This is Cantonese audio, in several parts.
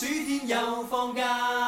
暑天又放假。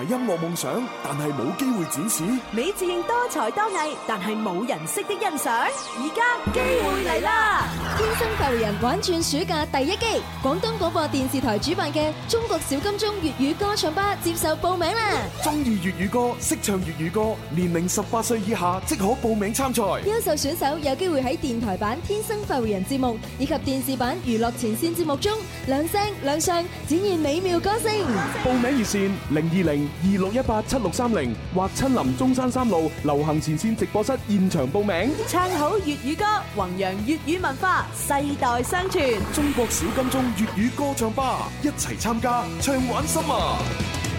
係音樂夢想，但係冇機會展示。你自認多才多藝，但係冇人識的欣賞。而家機會嚟啦！天生快活人玩轉暑假第一機，廣東廣播電視台主辦嘅中國小金鐘粵語歌唱班接受報名啦！中意粵語歌，識唱粵語歌，年齡十八歲以下即可報名參賽。優秀選手有機會喺電台版《天生快活人》節目以及電視版《娛樂前線》節目中亮聲、亮相，展現美妙歌聲。報名熱線：零二零。二六一八七六三零或親臨中山三路流行前線直播室現場報名，唱好粵語歌，弘揚粵語文化，世代相傳。中國小金鐘粵語歌唱吧，一齊參加，唱玩心啊！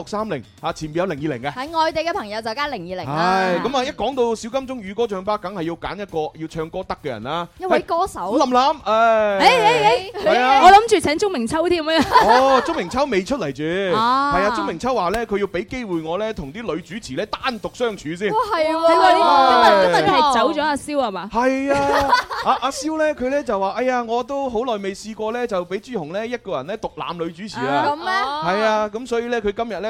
六三零嚇，前邊有零二零嘅。喺外地嘅朋友就加零二零啦。係咁啊！一講到小金鐘語歌唱吧，梗係要揀一個要唱歌得嘅人啦。一位歌手。林林，誒。誒誒誒我諗住請鍾明秋添咁哦，鍾明秋未出嚟住。哦。係啊，鍾明秋話咧，佢要俾機會我咧，同啲女主持咧單獨相處先。哇，係喎。今日今日係走咗阿蕭係嘛？係啊。阿啊！蕭咧，佢咧就話：哎呀，我都好耐未試過咧，就俾朱紅咧一個人咧獨攬女主持啊。咁咩？係啊，咁所以咧，佢今日咧。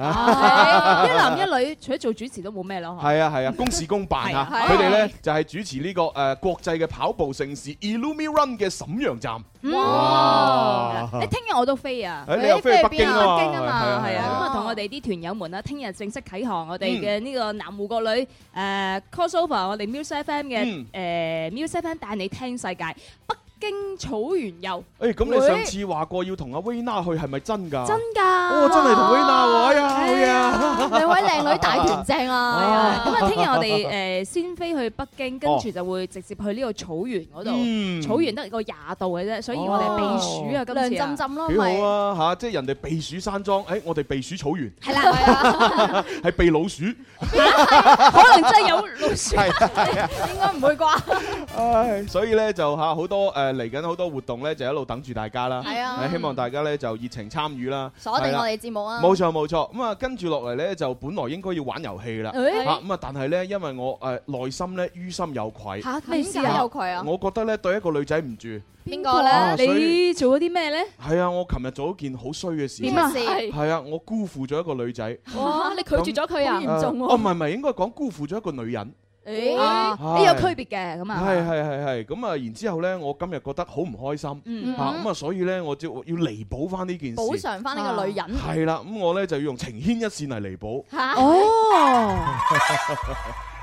啊，一男一女，除咗做主持都冇咩咯，係啊係啊，公事公辦啊，佢哋咧就係主持呢個誒國際嘅跑步盛事 Illumi Run 嘅沈陽站。哇！你聽日我都飛啊，你飛去邊啊？北京啊嘛。係啊，咁啊同我哋啲團友們啦，聽日正式啓航我哋嘅呢個南湖國旅誒 CoSo Far 我哋 Music FM 嘅誒 Music FM 帶你聽世界。經草原遊，誒，咁你上次話過要同阿 Vina 去，係咪真噶？真噶，哦真係同 Vina 玩啊，兩位靚女大團正啊！咁啊，聽日我哋誒先飛去北京，跟住就會直接去呢個草原嗰度。草原得個廿度嘅啫，所以我哋避暑啊，今次涼浸浸咯，幾好啊！吓，即係人哋避暑山莊，誒，我哋避暑草原，係啦，係避老鼠，可能真係有老鼠，應該唔會啩？唉，所以咧就吓好多誒。嚟緊好多活動咧，就一路等住大家啦。係啊，希望大家咧就熱情參與啦，鎖定我哋節目啊！冇錯冇錯，咁啊跟住落嚟咧，就本來應該要玩遊戲啦。嚇咁啊！但係咧，因為我誒內心咧於心有愧嚇，點解有愧啊？我覺得咧對一個女仔唔住，邊個咧？你做咗啲咩咧？係啊！我琴日做咗件好衰嘅事。點啊？係啊！我辜負咗一個女仔。哇！你拒絕咗佢啊？好嚴重喎！啊唔係唔係，應該講辜負咗一個女人。誒，啲、啊啊、有區別嘅咁啊！係係係係，咁啊，然之後咧，我今日覺得好唔開心嚇，咁、嗯嗯、啊、嗯，所以咧，我就要彌補翻呢件事，補償翻呢個女人。係啦、啊，咁、嗯、我咧就要用情牽一線嚟彌補。嚇、啊！哦！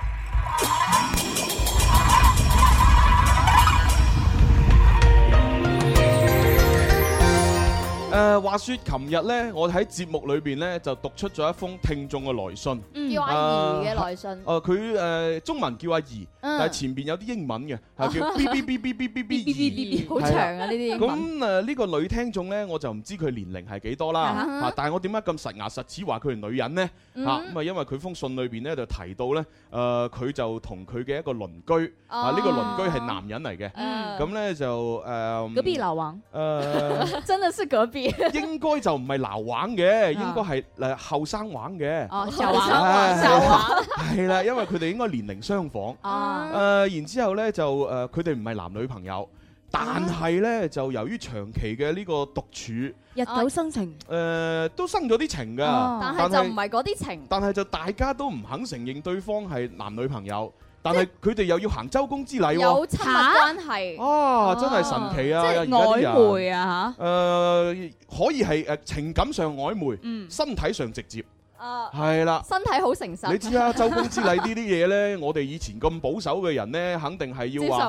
誒話説，琴日咧，我喺節目裏邊咧就讀出咗一封聽眾嘅來信，叫阿怡嘅來信。誒佢誒中文叫阿怡，但係前邊有啲英文嘅，係叫 B B B B B B B 怡，好長啊呢啲。咁誒呢個女聽眾咧，我就唔知佢年齡係幾多啦嚇，但係我點解咁實牙實齒話佢係女人咧嚇？咁啊，因為佢封信裏邊咧就提到咧，誒佢就同佢嘅一個鄰居啊，呢個鄰居係男人嚟嘅。嗯，咁咧就誒隔壁老王誒，真係是隔壁。 應該就唔係鬧玩嘅，uh. 應該係誒後生玩嘅。哦、uh, 啊，後生玩，後生玩。係啦，因為佢哋應該年齡相仿。哦、uh. 呃。然之後呢，就誒，佢哋唔係男女朋友，但係呢，uh. 就由於長期嘅呢個獨處，日久生情。誒，都生咗啲情㗎，uh. 但係是就唔係嗰啲情。但係就大家都唔肯承認對方係男女朋友。但係佢哋又要行周公之禮喎、哦，有親密關係啊，啊！真係神奇啊！即係、啊、曖昧啊嚇，誒、呃、可以係誒情感上曖昧，嗯，身體上直接。啊，係啦，身體好誠實。你知啊，周公之禮呢啲嘢咧，我哋以前咁保守嘅人咧，肯定係要話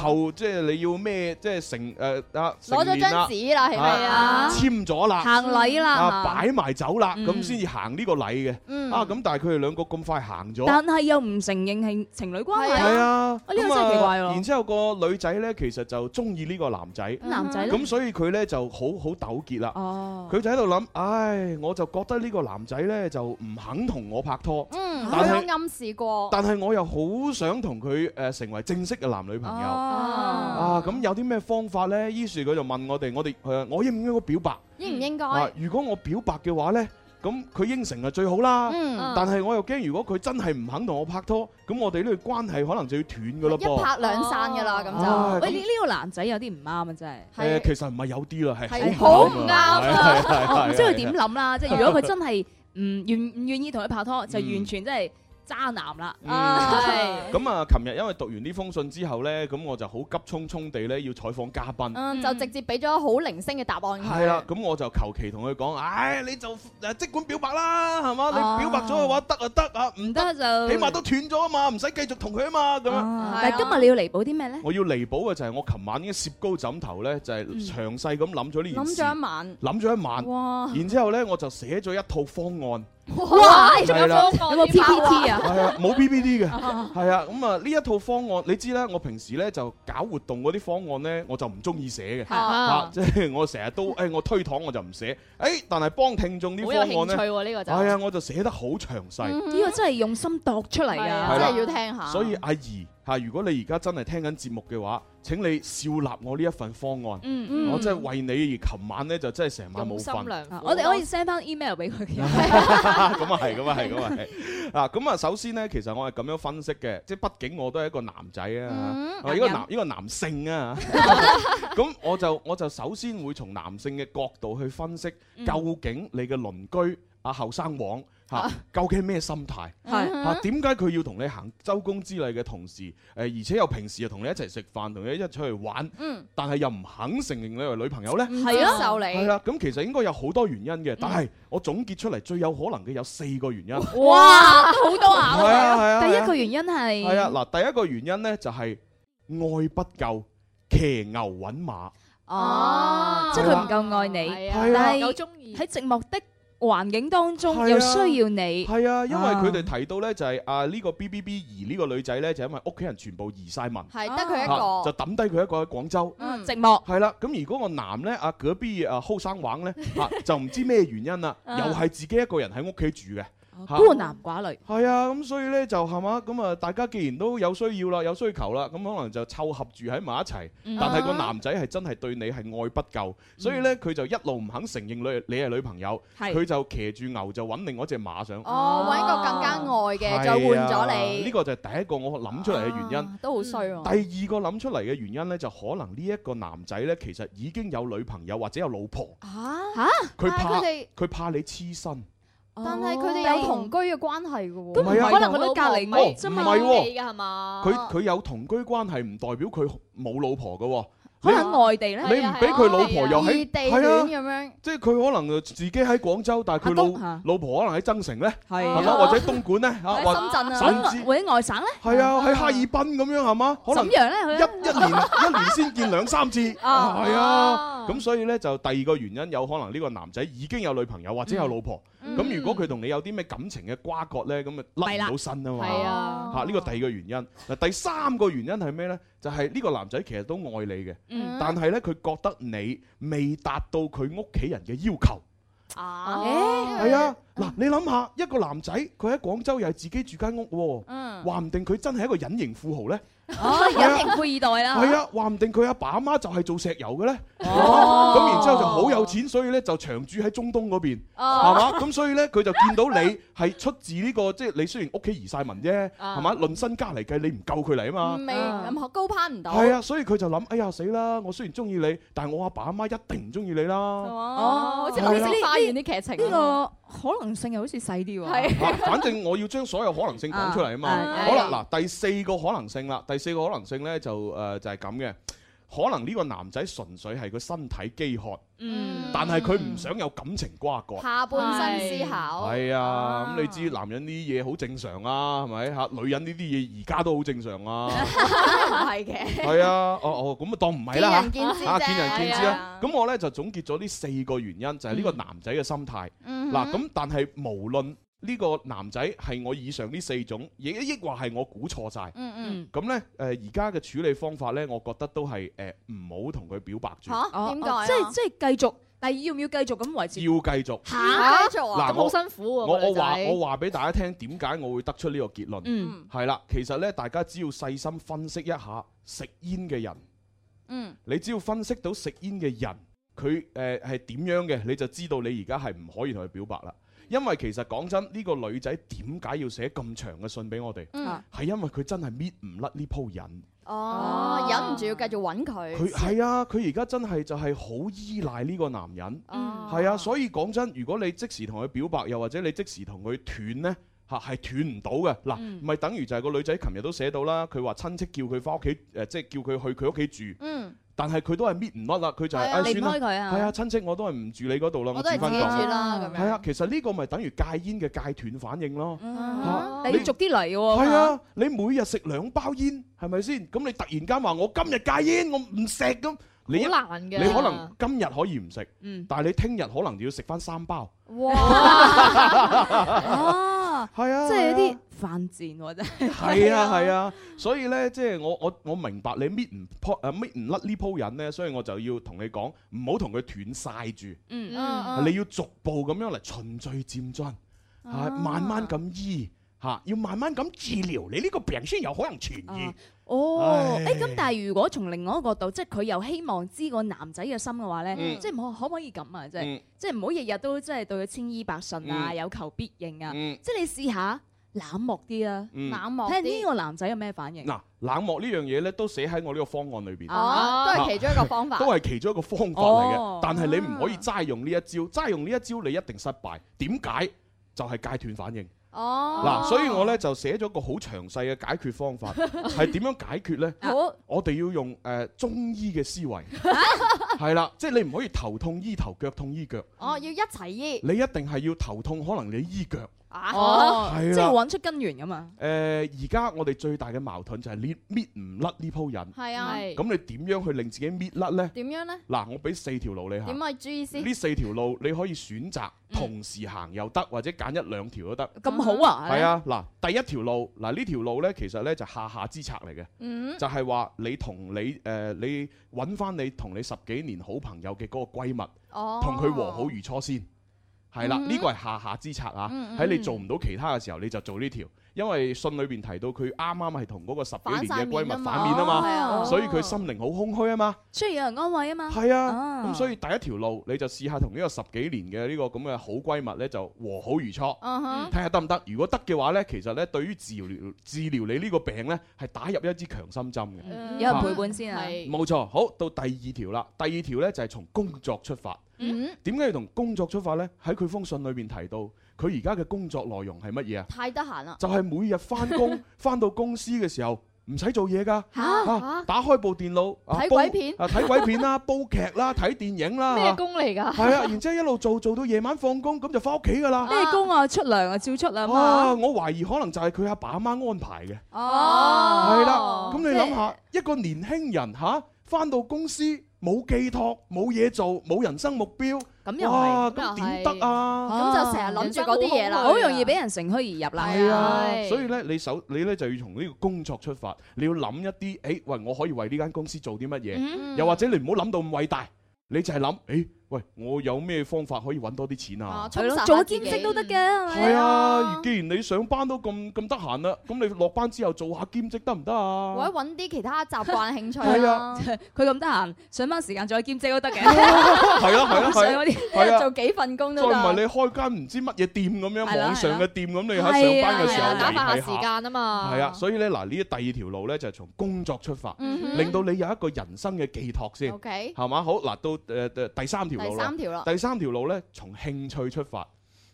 後，即係你要咩，即係成誒啊，攞咗張紙啦，係咪啊，簽咗啦，行禮啦，擺埋酒啦，咁先至行呢個禮嘅。啊，咁但係佢哋兩個咁快行咗，但係又唔承認係情侶關係啊。係啊，呢個真係奇怪咯。然之後個女仔咧，其實就中意呢個男仔，男仔咧，咁所以佢咧就好好糾結啦。哦，佢就喺度諗，唉，我就覺得呢個男仔咧。就唔肯同我拍拖，但係暗示過，但係我又好想同佢誒成為正式嘅男女朋友啊！咁有啲咩方法咧？於是佢就問我哋，我哋係我應唔應該表白？應唔應該？如果我表白嘅話咧，咁佢應承就最好啦。嗯，但係我又驚，如果佢真係唔肯同我拍拖，咁我哋呢個關係可能就要斷噶啦，一拍兩散噶啦咁就。喂，你呢個男仔有啲唔啱啊，真係。誒，其實唔係有啲啦，係好唔啱啊！我唔知佢點諗啦，即係如果佢真係。唔願唔願意同佢拍拖，嗯、就完全即係。渣男啦，咁、嗯、啊！琴日、啊、因為讀完呢封信之後呢，咁我就好急匆匆地呢要採訪嘉賓，嗯、就直接俾咗好零星嘅答案。係啦、嗯，咁、啊、我就求其同佢講，唉、哎，你就即管表白啦，係嘛？啊、你表白咗嘅話，得啊，得啊，唔得就起碼都斷咗啊嘛，唔使繼續同佢啊嘛，咁樣。啊啊、但係今日你要彌補啲咩呢？我要彌補嘅就係我琴晚嘅攝高枕頭呢，就係詳細咁諗咗呢件事，諗咗一晚，諗咗一晚，然之後咧我就寫咗一套方案。哇！出咗方案有冇 PPT 了啊，係啊， 冇 PPT 嘅，係啊， 咁啊呢一套方案，你知啦，我平時咧就搞活動嗰啲方案咧，我就唔中意寫嘅，即係、 啊就是、我成日都誒、哎，我推搪我、哎，我就唔寫，誒、嗯哼，但係幫聽眾啲方案好有興趣呢個就係啊，我就寫得好詳細，呢個真係用心度出嚟啊，了真係要聽下，所以阿姨。嚇！如果你而家真係聽緊節目嘅話，請你笑納我呢一份方案。嗯嗯，我真係為你而琴晚咧就真係成晚冇瞓。我哋可以 send 翻 email 俾佢 咁啊係，咁啊係，咁啊係。嗱，咁啊首先咧，其實我係咁樣分析嘅，即係畢竟我都係一個男仔啊，嗯嗯啊一個男、嗯、一個男一個男性啊。咁、啊啊、 我就我就首先會從男性嘅角度去分析，究竟你嘅鄰居阿後生王。啊吓，究竟咩心態？係點解佢要同你行周公之禮嘅同時，誒，而且又平時又同你一齊食飯，同你一齊出去玩，但係又唔肯承認你為女朋友呢？係咯，就你係啦。咁其實應該有好多原因嘅，但係我總結出嚟最有可能嘅有四個原因。哇，好多啊！係啊係啊，第一個原因係係啊，嗱，第一個原因呢，就係愛不夠，騎牛揾馬哦，即係佢唔夠愛你，喺寂寞的。環境當中又需要你係啊，啊，啊，因為佢哋提到呢就係、是、啊呢、這個、BB、B B B 二呢個女仔呢就因為屋企人全部移晒民，係得佢一個，就抌低佢一個喺廣州、嗯、寂寞。係啦、啊，咁如果個男呢，啊嗰 B 啊生玩呢，嚇、 啊，就唔知咩原因啦，又係自己一個人喺屋企住嘅。孤男寡女係啊，咁、嗯、所以呢，就係嘛，咁啊大家既然都有需要啦，有需求啦，咁可能就湊合住喺埋一齊。但係個男仔係真係對你係愛不夠，嗯、所以呢，佢就一路唔肯承認你你係女朋友，佢是就騎住牛就揾另外隻馬上。哦，搵個更加愛嘅，啊、再換咗你。呢個就係第一個我諗出嚟嘅原因，啊、都好衰、啊嗯。第二個諗出嚟嘅原因呢，就可能呢一個男仔呢，其實已經有女朋友或者有老婆。吓佢、啊、怕佢怕你痴身。但係佢哋有同居嘅關係嘅喎，咁可能佢都隔離唔係嘅係嘛？佢佢有同居關係唔代表佢冇老婆嘅喎，可能佢喺外地咧，你唔俾佢老婆又喺，地？係啊咁樣，即係佢可能自己喺廣州，但係佢老老婆可能喺增城咧，係啊，或者東莞咧，或者深圳啊，甚至或者外省咧，係啊，喺哈爾濱咁樣係嘛？可能咁樣咧，佢一一年一年先見兩三次，係啊，咁所以咧就第二個原因有可能呢個男仔已經有女朋友或者有老婆。咁、嗯、如果佢同你有啲咩感情嘅瓜葛呢，咁咪甩唔到身啊嘛！嚇，呢個第二個原因。嗱，第三個原因係咩呢？就係、係、呢個男仔其實都愛你嘅，嗯、但係呢，佢覺得你未達到佢屋企人嘅要求。啊，係、哦、啊！嗱，你諗下，嗯、一個男仔佢喺廣州又係自己住間屋喎、啊，話唔定佢真係一個隱形富豪呢。哦，隱形富二代啦！係啊，話唔、啊、定佢阿爸阿媽就係做石油嘅咧。咁、哦、 然之後，後就好有錢，所以咧就長住喺中東嗰邊，係嘛、哦？咁所以咧佢就見到你係出自呢、這個，即、就、係、是、你雖然屋企移晒民啫，係、啊、嘛？論身家嚟計，你唔夠佢嚟啊嘛？未咁高攀唔到。係啊，所以佢就諗，哎呀死啦！我雖然中意你，但係我阿爸阿媽一定唔中意你啦。哦，即係吧、哦、好似呢啲，呢啲劇情啊。可能性又好似細啲喎。啊、 反正我要將所有可能性講出嚟啊嘛。啊好啦，嗱、哎呀，第四個可能性啦，第四個可能性呢，就誒、呃、就係咁嘅。可能呢個男仔純粹係個身體飢渴，嗯，但係佢唔想有感情瓜葛，下半身思考，係啊，咁、啊嗯、你知男人呢啲嘢好正常啊，係咪嚇？女人呢啲嘢而家都好正常啊，係嘅 的，係啊，哦哦，咁啊當唔係啦，見仁見智啊，見仁見智啦，咁、啊、我咧就總結咗呢四個原因，就係、是、呢個男仔嘅心態，嗱，咁但係無論。呢個男仔係我以上呢四種，亦亦或係我估錯晒，嗯。嗯嗯。咁呢，誒而家嘅處理方法呢，我覺得都係誒唔好同佢表白住。吓？點解？即係即係繼續，但係要唔要繼續咁維持？要繼續。吓？繼續啊？咁好辛苦、啊、我我話女仔我話俾大家聽，點解我會得出呢個結論？嗯。係啦，其實呢，大家只要細心分析一下食煙嘅人，嗯，你只要分析到食煙嘅人，佢誒係點樣嘅，你就知道你而家係唔可以同佢表白啦。因為其實講真，呢、這個女仔點解要寫咁長嘅信俾我哋？係、嗯、因為佢真係搣唔甩呢鋪癮，哦，哦忍唔住要繼續揾佢。佢係啊，佢而家真係就係好依賴呢個男人。係啊、嗯，所以講真，如果你即時同佢表白，又或者你即時同佢斷呢？嚇、啊，係斷唔到嘅。嗱、啊，咪、嗯、等於就係個女仔琴日都寫到啦。佢話親戚叫佢返屋企，誒、呃，即係叫佢去佢屋企住。嗯。但係佢都係搣唔甩啦，佢就係唉，算啦，係啊，親戚我都係唔住你嗰度啦，我轉翻檔啦，係啊，其實呢個咪等於戒煙嘅戒斷反應咯，你逐啲嚟喎，係啊，你每日食兩包煙係咪先？咁你突然間話我今日戒煙，我唔食咁，你好難嘅，你可能今日可以唔食，嗯，但係你聽日可能就要食翻三包。係啊，即係有啲犯賤，真係。係啊係 啊，啊，所以咧，即係我我我明白你搣唔扑誒搣唔甩呢鋪人咧，所以我就要同你講，唔好同佢斷晒住。嗯嗯，你要逐步咁樣嚟循序漸進，係、啊啊啊、慢慢咁醫吓，要慢慢咁治療，你呢個病先有可能痊愈。啊哦，誒咁唉，但係如果從另外一個角度，即係佢又希望知個男仔嘅心嘅話咧，嗯、即係可可唔可以咁啊？嗯、即係即係唔好日日都即係對佢千依百順啊，嗯、有求必應啊！嗯、即係你試下冷漠啲啊,啊，冷漠，聽呢個男仔有咩反應？嗱，冷漠呢樣嘢咧都寫喺我呢個方案裏邊、啊，都係其中一個方法，啊、都係其中一個方法嚟嘅。哦、但係你唔可以齋用呢一招，齋用呢一招你一定失敗。點解？就係戒斷反應。嗱、哦啊，所以我咧就寫咗個好詳細嘅解決方法，係點 樣解決呢？好我我哋要用誒、呃、中醫嘅思維，係啦， 即、就、係、是、你唔可以頭痛醫頭，腳痛醫腳。哦，要一齊醫。你一定係要頭痛，可能你醫腳。啊！即係揾出根源噶嘛？誒而家我哋最大嘅矛盾就係搣搣唔甩呢鋪人。係啊，咁你點樣去令自己搣甩呢？點樣呢？嗱，我俾四條路你行。點啊？注意先。呢四條路你可以選擇同時行又得，或者揀一兩條都得。咁好啊！係啊，嗱，第一條路嗱呢條路呢，其實呢就下下之策嚟嘅，就係話你同你誒你揾翻你同你十幾年好朋友嘅嗰個閨蜜，同佢和好如初先。係啦，呢、mm hmm. 個係下下之策啊！喺、mm hmm. 你做唔到其他嘅時候，你就做呢條。因為信裏邊提到佢啱啱係同嗰個十幾年嘅閨蜜反面啊嘛，哦、啊所以佢心靈好空虛啊嘛，需要有人安慰啊嘛。係啊，咁、哦、所以第一條路你就試下同呢個十幾年嘅呢個咁嘅好閨蜜呢就和好如初，睇下得唔得？如果得嘅話呢，其實呢對於治療治療你呢個病呢係打入一支強心針嘅，嗯、有人陪伴先啊。冇錯，好，到第二條啦。第二條呢就係、是、從工作出發。點解、嗯、要從工作出發呢？喺佢封信裏邊提到。佢而家嘅工作內容係乜嘢啊？太得閒啦！就係每日翻工，翻 到公司嘅時候唔使做嘢噶。嚇蛤、啊、打開部電腦睇鬼片啊！睇、啊、鬼片啦， 煲劇啦，睇、啊、電影啦。咩工嚟噶？係啊，然之後一路做做到夜晚放工，咁就翻屋企噶啦。咩工啊？出糧啊，照出糧啊嘛。啊！我懷疑可能就係佢阿爸阿媽，媽安排嘅。哦，係啦。咁你諗下，麼一個年輕人嚇翻、啊、到公司冇寄託，冇嘢做、冇人生目標。咁又係，咁點得啊？咁、啊、就成日諗住嗰啲嘢啦，好容易俾人乘虛而入啦。係啊，啊啊所以咧，你首你咧就要從呢個工作出發，你要諗一啲，誒、欸，喂，我可以為呢間公司做啲乜嘢？嗯、又或者你唔好諗到咁偉大，你就係諗，誒、欸。喂，我有咩方法可以揾多啲錢啊？除咗做兼職都得嘅，係啊！既然你上班都咁咁得閒啦，咁你落班之後做下兼職得唔得啊？或者揾啲其他習慣興趣啊？佢咁得閒，上班時間做下兼職都得嘅。係啊，係啊，係啦，做幾份工都得。再唔係你開間唔知乜嘢店咁樣網上嘅店咁，你喺上班嘅時候打發下時間啊嘛。係啊，所以咧嗱，呢第二條路咧就係從工作出發，令到你有一個人生嘅寄託先，係嘛？好嗱，到誒第三條。第三條路，第三條路咧，從興趣出發。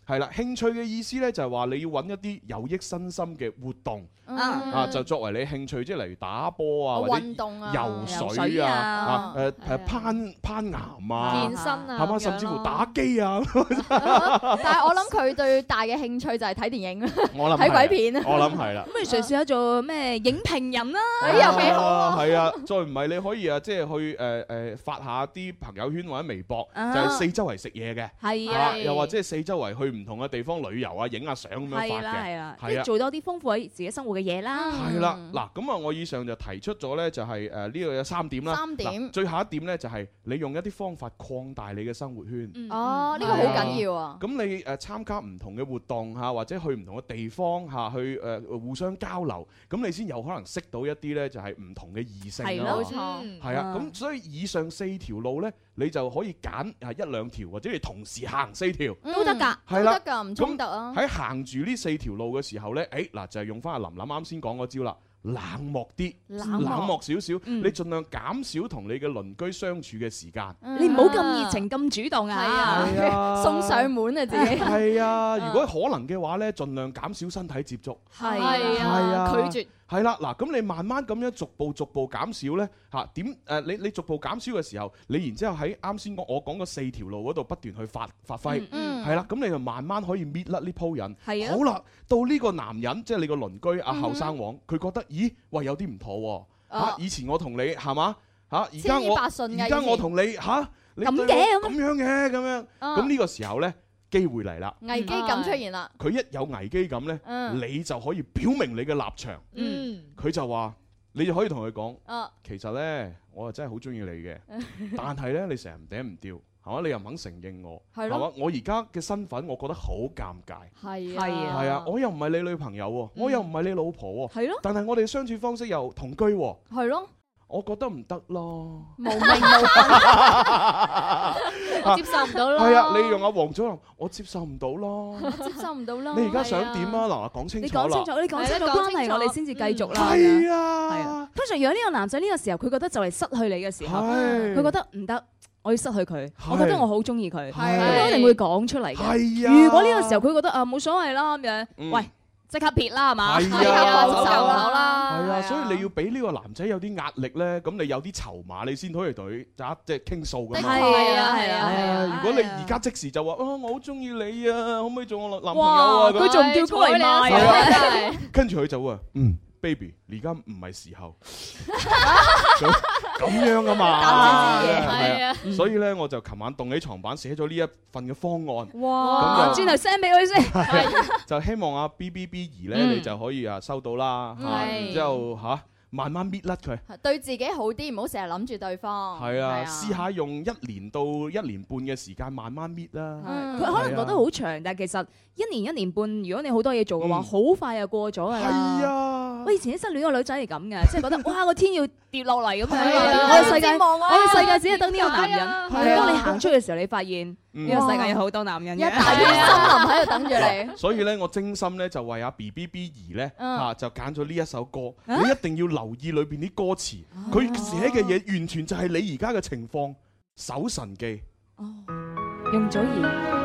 係啦，興趣嘅意思咧就係話你要揾一啲有益身心嘅活動啊，就作為你興趣，即係例如打波啊，運動啊，游水啊，誒攀攀岩啊，健身啊，係咪？甚至乎打機啊。但係我諗佢最大嘅興趣就係睇電影，睇鬼片。我諗係啦。咁你嘗試下做咩影評人啊？有幾好。係啊，再唔係你可以啊，即係去誒誒發下啲朋友圈或者微博，就係四周圍食嘢嘅，係啊，又或者係四周圍去。唔同嘅地方旅遊啊，影下相咁樣發嘅，的即係做多啲豐富喺自己生活嘅嘢啦。係啦，嗱咁啊，我以上就提出咗呢、就是，就係誒呢度有三點啦。三點。最後一點呢，就係你用一啲方法擴大你嘅生活圈。哦、嗯，呢、啊呢個好緊要啊！咁你誒、呃、參加唔同嘅活動嚇，或者去唔同嘅地方嚇、啊，去誒、呃、互相交流，咁你先有可能識到一啲呢，就係唔同嘅異性咯。係咯說。係啊、嗯，咁所以以上四條路呢。你就可以揀係一兩條，或者你同時行四條都得㗎，係啦，唔衝突啊！喺行住呢四條路嘅時候咧，誒嗱就係用翻阿林琳啱先講嗰招啦，冷漠啲，冷漠少少，你盡量減少同你嘅鄰居相處嘅時間，你唔好咁熱情咁主動啊嚇，送上門啊自己。係啊，如果可能嘅話咧，盡量減少身體接觸，係啊，拒絕。係啦，嗱，咁你慢慢咁樣逐步逐步減少呢？嚇、啊、點誒、呃？你你逐步減少嘅時候，你然之後喺啱先我講嘅四條路嗰度不斷去發發揮，係啦、嗯，咁、嗯、你就慢慢可以搣甩呢鋪人。啊、好啦，到呢個男人，即、就、係、是、你個鄰居阿後生王，佢、啊嗯、覺得咦，喂，有啲唔妥喎、啊。啊、以前我同你係嘛？嚇，而家我而家我同你嚇，咁嘅咁樣嘅咁樣，咁呢、啊、個時候呢？啊啊啊機會嚟啦，危機感出現啦。佢一有危機感呢，你就可以表明你嘅立場。佢就話，你就可以同佢講，其實呢，我真係好中意你嘅，但係呢，你成日唔嗲唔吊，係嘛？你又唔肯承認我，係嘛？我而家嘅身份，我覺得好尷尬。係係啊，我又唔係你女朋友，我又唔係你老婆。係咯，但係我哋相處方式又同居。係咯。我覺得唔得咯，無名無份，接受唔到咯。係啊，你用阿王祖藍，我接受唔到咯，接受唔到咯。你而家想點啊？嗱，講清楚，你講清楚，你講清楚關係，我哋先至繼續啦。係啊，通常如果呢個男仔呢個時候，佢覺得就嚟失去你嘅時候，佢覺得唔得，我要失去佢，我覺得我好中意佢，佢一定會講出嚟嘅。如果呢個時候佢覺得啊冇所謂啦咁樣，喂。即刻撇啦，係嘛？走就走啦。係啊，所以你要俾呢個男仔有啲壓力咧，咁你有啲籌碼，你先拖佢隊，即係傾訴咁樣。係啊係啊係啊！如果你而家即時就話，我好中意你啊，可唔可以做我男朋友啊？佢仲叫高嚟拉啊，跟住佢走啊。嗯。baby，而家唔係時候，咁樣啊嘛，係啊，所以咧我就琴晚棟起床板寫咗呢一份嘅方案，哇，咁啊轉頭 send 俾佢先，係，就希望阿 B B B 兒咧你就可以啊收到啦，係，之後吓慢慢搣甩佢，對自己好啲，唔好成日諗住對方，係啊，試下用一年到一年半嘅時間慢慢搣啦，係，佢可能覺得好長，但係其實，一年一年半，如果你好多嘢做嘅話，好快又過咗噶啦。係啊，我以前失戀個女仔係咁嘅，即係覺得哇個天要跌落嚟咁樣，我嘅世界，我嘅世界只係等呢個男人。但當你行出嘅時候，你發現呢個世界有好多男人，一大片森林喺度等住你。所以咧，我精心咧就為阿 B B B 兒咧吓，就揀咗呢一首歌，你一定要留意裏邊啲歌詞，佢寫嘅嘢完全就係你而家嘅情況。搜神記。哦，容祖兒。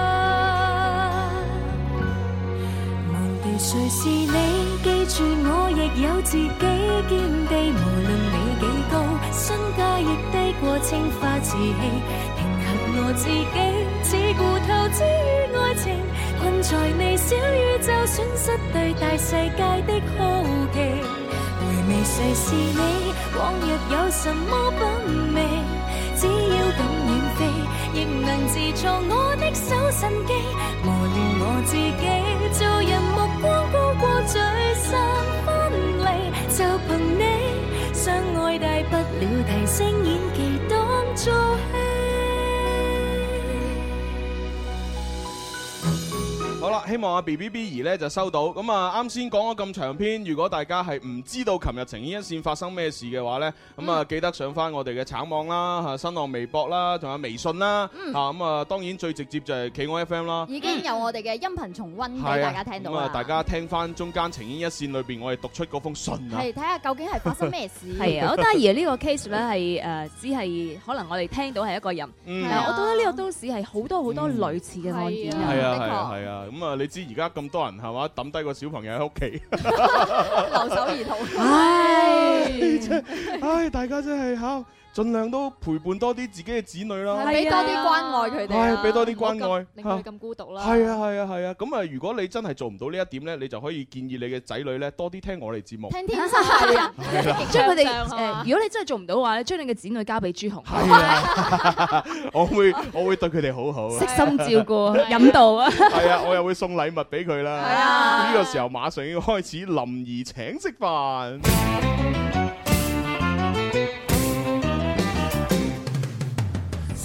誰是你？記住我，亦有自己見地，無論你幾高，身價亦低過青花瓷器。平衡我自己，只顧投資於愛情，困在微小宇宙，損失對大世界的好奇。回味誰是你？往日有什麼品味？只要敢遠飛，亦能自創我的搜神記。磨練我自己。做光顧過聚散分離，就憑你相愛，大不了提升演技當做戲。希望阿 B B B 兒咧就收到。咁啊，啱先講咗咁長篇，如果大家係唔知道琴日情牽一線發生咩事嘅話咧，咁啊記得上翻我哋嘅橙網啦、新浪微博啦，同埋微信啦。吓咁啊，當然最直接就係企鵝 F M 啦。已經有我哋嘅音頻重溫俾大家聽到啦。啊，大家聽翻中間情牽一線裏邊，我哋讀出嗰封信啊，係睇下究竟係發生咩事。係啊，我覺得而家啊！呢個 case 咧係誒，只係可能我哋聽到係一個人，但我覺得呢個都市係好多好多類似嘅案件。係啊，係啊。啊！你知而家咁多人係嘛，抌低個小朋友喺屋企， 留守兒童，唉，唉，大家真係好。儘量都陪伴多啲自己嘅子女啦，俾多啲關愛佢哋，係俾多啲關愛，令佢哋咁孤獨啦。係啊係啊係啊，咁啊如果你真係做唔到呢一點咧，你就可以建議你嘅仔女咧多啲聽我哋節目，聽天生啊，將佢哋誒，如果你真係做唔到嘅話咧，將你嘅子女交俾朱紅，我會我會對佢哋好好，啊。悉心照顧，引導。係啊，我又會送禮物俾佢啦。係啊，呢個時候馬上要開始臨怡請食飯。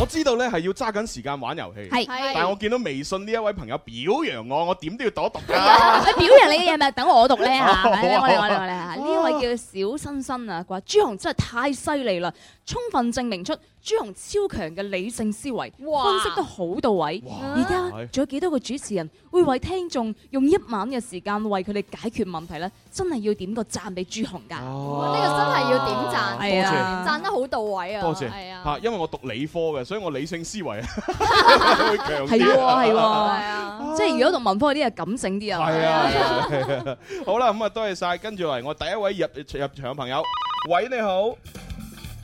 我知道咧，係要揸緊時間玩遊戲，但係我見到微信呢一位朋友表揚我，我點都要讀一讀㗎、啊。表你表揚你嘅嘢咪等我讀咧嚇？嚟嚟嚟嚟嚟嚇！呢、啊啊 Oh, uh. 位叫小新新啊，佢話朱紅真係太犀利啦。充分證明出朱紅超強嘅理性思維，分析得好到位。而家仲有幾多個主持人會為聽眾用一晚嘅時間為佢哋解決問題咧？真係要點個讚俾朱紅㗎！呢個真係要點讚，讚得好到位啊！多謝，因為我讀理科嘅，所以我理性思維係喎，係喎，即係如果讀文科啲係感性啲啊。係啊，好啦，咁啊，多謝晒。跟住嚟，我第一位入入場嘅朋友，喂，你好。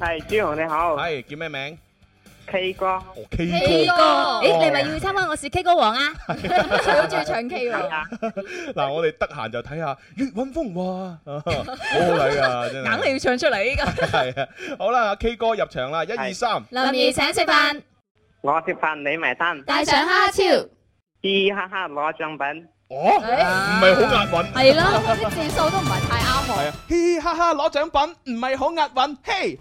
係朱紅你好，係叫咩名？K 哥，K 哥，誒，係咪要參加我是 K 歌王啊？搶住唱 K 喎！嗱，我哋得閒就睇下岳雲峰哇，好好睇噶，真係，梗係要唱出嚟噶。係啊，好啦，K 哥入場啦，一二三，林儀請食飯，我食飯你埋單，帶上哈哈超，嘻嘻哈哈攞獎品。哦，唔係好押韻，係啦，啲字數都唔係太啱我。嘻嘻哈哈，攞獎品唔係好押韻，嘿，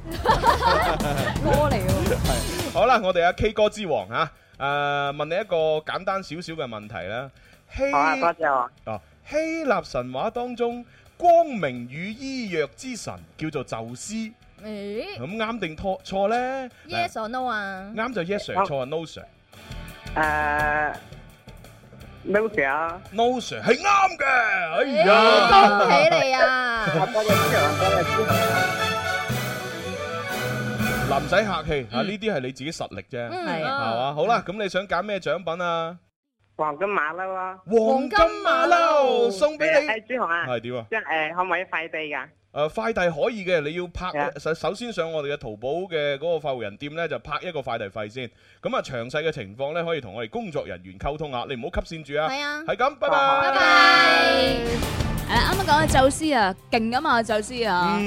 歌嚟係，好啦，我哋阿 K 歌之王吓，誒，問你一個簡單少少嘅問題啦。好啊，多謝我。哦，希臘神話當中，光明與醫藥之神叫做宙斯。誒，咁啱定錯錯咧？Yes or no 啊？啱就 yes，錯就 no。誒。冇事啊，冇事係啱嘅，哎呀，恭喜你啊！阿伯嘅支持，阿伯嘅支持，唔使客氣啊！呢啲係你自己實力啫，係係嘛，好啦，咁你想揀咩獎品啊？黃金馬騮啊，黃金馬騮送俾你。係朱紅啊，係點啊？即係誒，可唔可以快遞噶？誒，快遞可以嘅，你要拍首首先上我哋嘅淘寶嘅嗰個快活人店咧，就拍一個快遞費先。咁啊，詳細嘅情況咧，可以同我哋工作人員溝通啊。你唔好吸線住啊。係啊，係咁，拜拜。拜拜。啱啱講嘅宙斯啊，勁啊嘛，宙斯啊，誒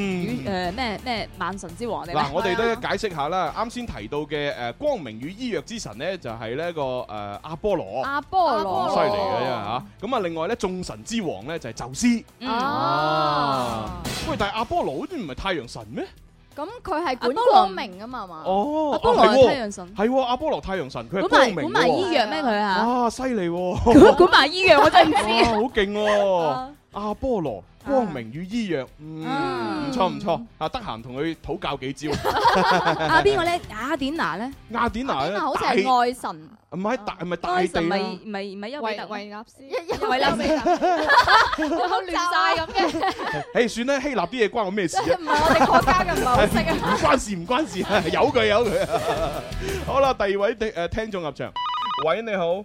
咩咩萬神之王嚟。嗱，我哋都解釋下啦。啱先提到嘅誒光明與醫藥之神咧，就係呢個誒阿波羅。阿波羅，犀利嘅啫吓。咁啊，另外咧，眾神之王咧就係宙斯。哦。喂，但係阿波羅好似唔係太陽神咩？咁佢係管光明啊嘛，係嘛。哦。阿波羅太陽神。係阿波羅太陽神，佢係管光明，管埋醫藥咩佢啊？哇，犀利。管管埋醫藥，我真係唔知。好勁哦。阿波羅、光明與醫藥，唔錯唔錯，啊，得閒同佢討教幾招。啊，邊個咧？雅典娜咧？雅典娜咧？好似係愛神。唔係大，唔係大地，唔係唔係唔係優美特維納斯，維納斯好亂晒咁嘅。誒，算啦，希臘啲嘢關我咩事？唔係我哋國家嘅，唔係好識啊。唔關事，唔關事，有佢有佢。好啦，第二位誒聽眾入場，喂，你好。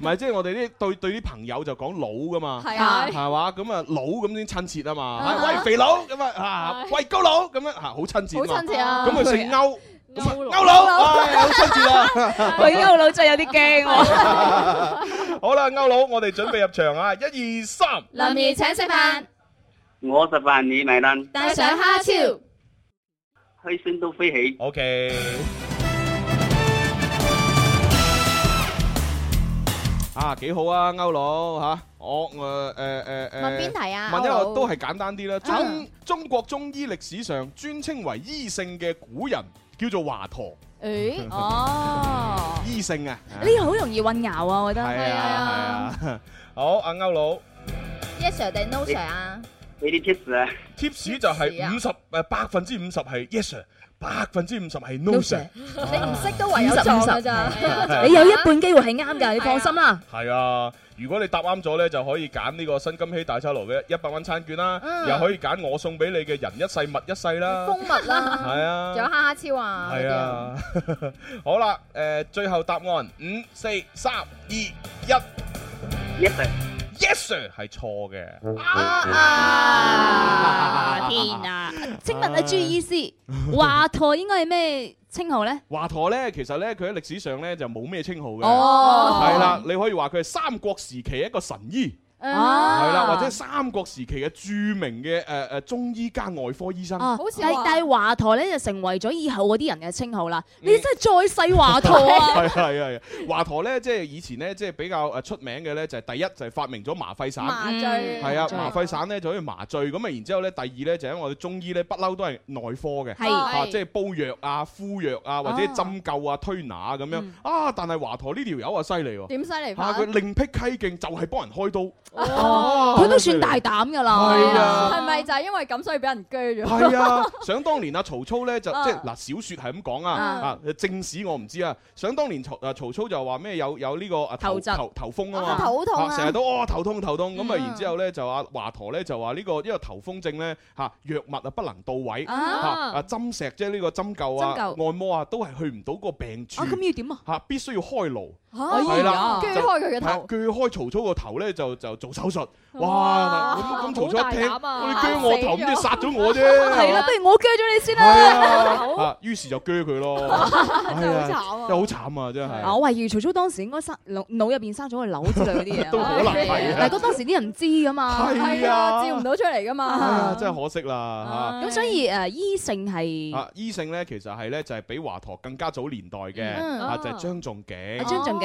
唔係，即係我哋啲對對啲朋友就講佬噶嘛，係啊，係嘛，咁啊佬咁先親切啊嘛。喂，肥佬咁啊吓，喂高佬咁樣吓，好親切啊。咁佢姓歐，歐佬，好親切啊。喂歐佬真係有啲驚我。好啦，歐佬，我哋準備入場啊，一二三，林兒請食飯，我食飯你買單，帶上蝦超，開心都飛起。OK。啊，幾好啊，歐佬。吓、啊，我誒誒誒問邊題啊？問一個老都係簡單啲啦。中、啊、中國中醫歷史上尊稱為醫聖嘅古人叫做華佗。誒、欸，哦， 醫聖啊，呢個好、啊、容易混淆啊，我覺得。係啊係啊，啊，啊。好，阿歐佬 S，yes sir 定 no sir 啊、欸？啲 tips 啊，tips 就係五十誒，百分之五十係 yes，百分之五十係 no，你唔識都唯有錯噶咋，你有一半機會係啱噶，你放心啦。係啊，如果你答啱咗咧，就可以揀呢個新金禧大酒樓嘅一百蚊餐券啦，又可以揀我送俾你嘅人一世物一世啦，蜂蜜啦，係啊，仲有哈哈超啊，係啊，好啦，誒，最後答案五四三二一，yes。yes sir，係錯嘅天啊，請問下朱醫師，華佗、啊、應該係咩稱號咧？華佗咧，其實咧佢喺歷史上咧就冇咩稱號嘅，哦，係啦，你可以話佢係三國時期一個神醫。係啦，或者三國時期嘅著名嘅誒誒中醫加外科醫生，好似啊，但係華佗咧就成為咗以後嗰啲人嘅稱號啦。你真係再世華佗啊！係係係，華佗咧即係以前咧即係比較誒出名嘅咧就係第一就係發明咗麻沸散，麻醉係啊，麻沸散咧就可以麻醉，咁啊然之後咧第二咧就因為我哋中醫咧不嬲都係內科嘅，吓，即係煲藥啊、敷藥啊或者針灸啊、推拿咁樣啊，但係華佗呢條友啊犀利喎。點犀利？佢另闢蹊徑，就係幫人開刀。哦，佢都算大膽噶啦，係咪就係因為咁所以俾人拘咗？係啊，想當年阿曹操咧就即係嗱，小說係咁講啊，啊正史我唔知啊。想當年曹阿曹操就話咩有有呢個啊頭頭風啊嘛，頭痛啊，成日都哦頭痛頭痛咁啊。然之後咧就阿華佗咧就話呢個因為頭風症咧吓藥物啊不能到位吓，啊針石即係呢個針灸啊按摩啊，都係去唔到個病處啊咁，要點啊吓，必須要開顱。係啦，鋸開佢嘅頭，鋸開曹操個頭咧就就做手術，哇！咁曹操一聽，佢鋸我頭，咁即係殺咗我啫。係啦，不如我鋸咗你先啦。啊，於是就鋸佢咯，真係好慘啊！真係。我懷疑曹操當時應該生腦入邊生咗個瘤之類嗰啲嘢。都好難睇啊！但係嗰當時啲人唔知噶嘛，係啊，照唔到出嚟噶嘛，真係可惜啦嚇。咁所以誒，醫聖係啊，醫聖咧其實係咧就係比華佗更加早年代嘅，啊就係張仲景。張仲景。仲景聽張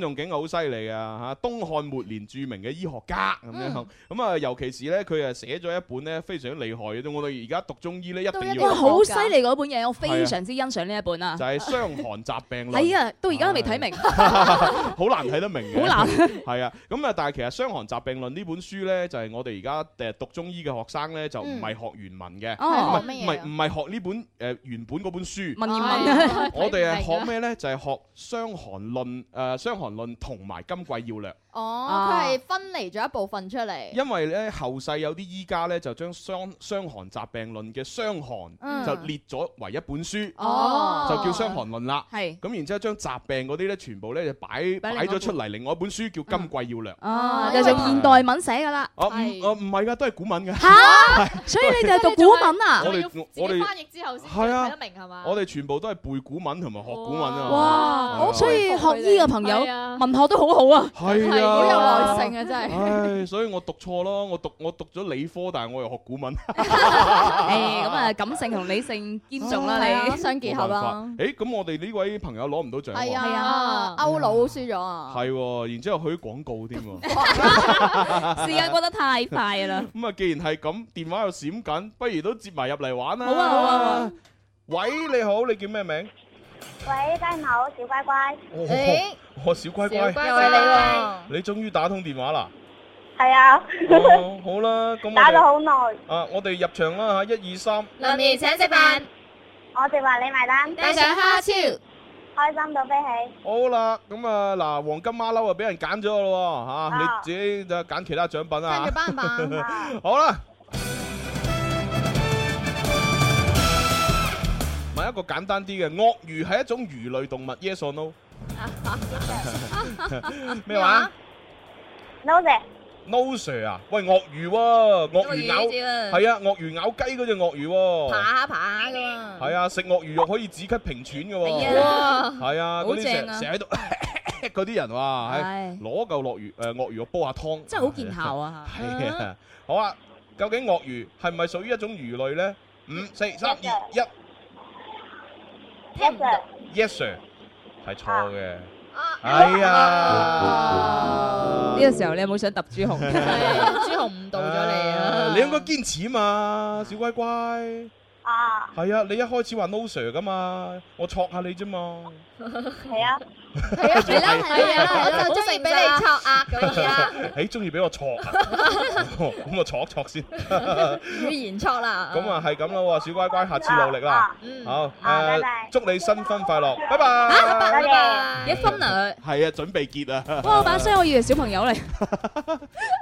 仲景好犀利啊吓，東漢末年著名嘅醫學家咁樣，咁啊尤其是咧，佢啊寫咗一本咧非常厲害嘅，我哋而家讀中醫咧一定要好犀利嗰本嘢，我非常之欣賞呢一本啊，就係《傷寒雜病論》。係啊，到而家都未睇明，好難睇得明嘅，好難係啊。咁啊，但係其實《傷寒雜病論》呢本書咧，就係我哋而家誒讀中醫嘅學生咧，就唔係學原文嘅，唔係唔係學呢本誒原本嗰本書。文言文我哋啊學。咩咧？就係學傷、呃《傷寒論》誒，《傷寒論》同埋《金匱要略》。哦，佢係分離咗一部分出嚟。因為咧後世有啲醫家咧就將《傷傷寒雜病論》嘅傷寒就列咗為一本書，就叫《傷寒論》啦。係咁，然之後將雜病嗰啲咧全部咧就擺擺咗出嚟，另外一本書叫《金匱要略》。啊，又就現代文寫噶啦。啊唔啊唔係噶，都係古文嘅。嚇！所以你哋就讀古文啊？我哋我哋翻譯之後先睇得明係嘛？我哋全部都係背古文同埋學古文啊！哇！所以學醫嘅朋友文學都好好啊。係。好有耐性啊，真係。所以，我讀錯咯，我讀我讀咗理科，但係我又學古文。誒，咁啊，感性同理性兼重啦，你相結合啦。誒，咁我哋呢位朋友攞唔到獎啊。係啊，歐老輸咗啊。係，然之後佢廣告添。時間過得太快啦。咁啊，既然係咁，電話又閃緊，不如都接埋入嚟玩啦。好啊，好啊。喂，你好，你叫咩名？喂，家下你好，小乖乖。誒。我小乖乖，又係你喎！你終於打通電話啦，係啊！好啦，咁打咗好耐。啊，我哋入場啦吓，一二三，六位請食飯，我哋話你埋單，帶上哈超，開心到飛起。好啦，咁啊嗱，黃金馬騮啊，俾人揀咗咯吓，你自己就揀其他獎品啦吓。跟住辦一辦。好啦，問一個簡單啲嘅，鱷魚係一種魚類動物，yes or no？咩話？No sir？No sir 啊？喂鱷魚喎，鱷魚咬雞係啊，鱷魚咬雞嗰隻鱷魚。爬下爬下噶。係啊，食鱷魚肉可以止咳平喘噶。哇！係啊，嗰啲成日喺度咳嗰啲人話，攞嚿鱷魚誒鱷魚肉煲下湯。真係好見效啊！係啊，好啊。究竟鱷魚係唔係屬於一種魚類咧？五四三二一。Yes sir。係錯嘅，係啊！呢個時候你有冇想揼朱紅？朱 紅誤導咗你啊，啊！你應該堅持嘛，小乖乖。啊！係啊！你一開始話 no sir 噶嘛，我戳下你啫嘛。係啊。 係啊，係啊，係啦，我就中意俾你錯啊！咁樣，哎，中意俾我錯，咁啊錯一錯先，語言錯啦。咁啊係咁咯，小乖乖，下次努力啦。嗯，好，誒，祝你新婚快樂，拜拜，拜拜，結婚啊佢，係啊，準備結啊。我把聲我以為小朋友嚟，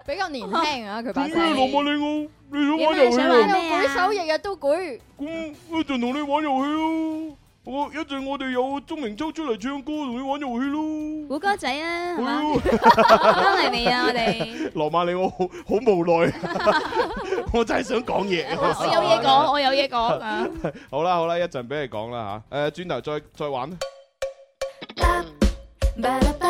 比較年輕啊。佢把聲。你老冇你我，你玩遊戲啊？舉手日日都舉。咁我就同你玩遊戲咯。一陣，哦、我哋有鍾明秋出嚟唱歌，同你玩遊戲咯。古哥仔啊，羅曼尼你啊，我哋羅馬你我好無奈！ 我真係想講嘢。 我有嘢講， 我有嘢講。好啦好啦，一陣俾你講啦嚇。誒、呃，轉頭再再玩。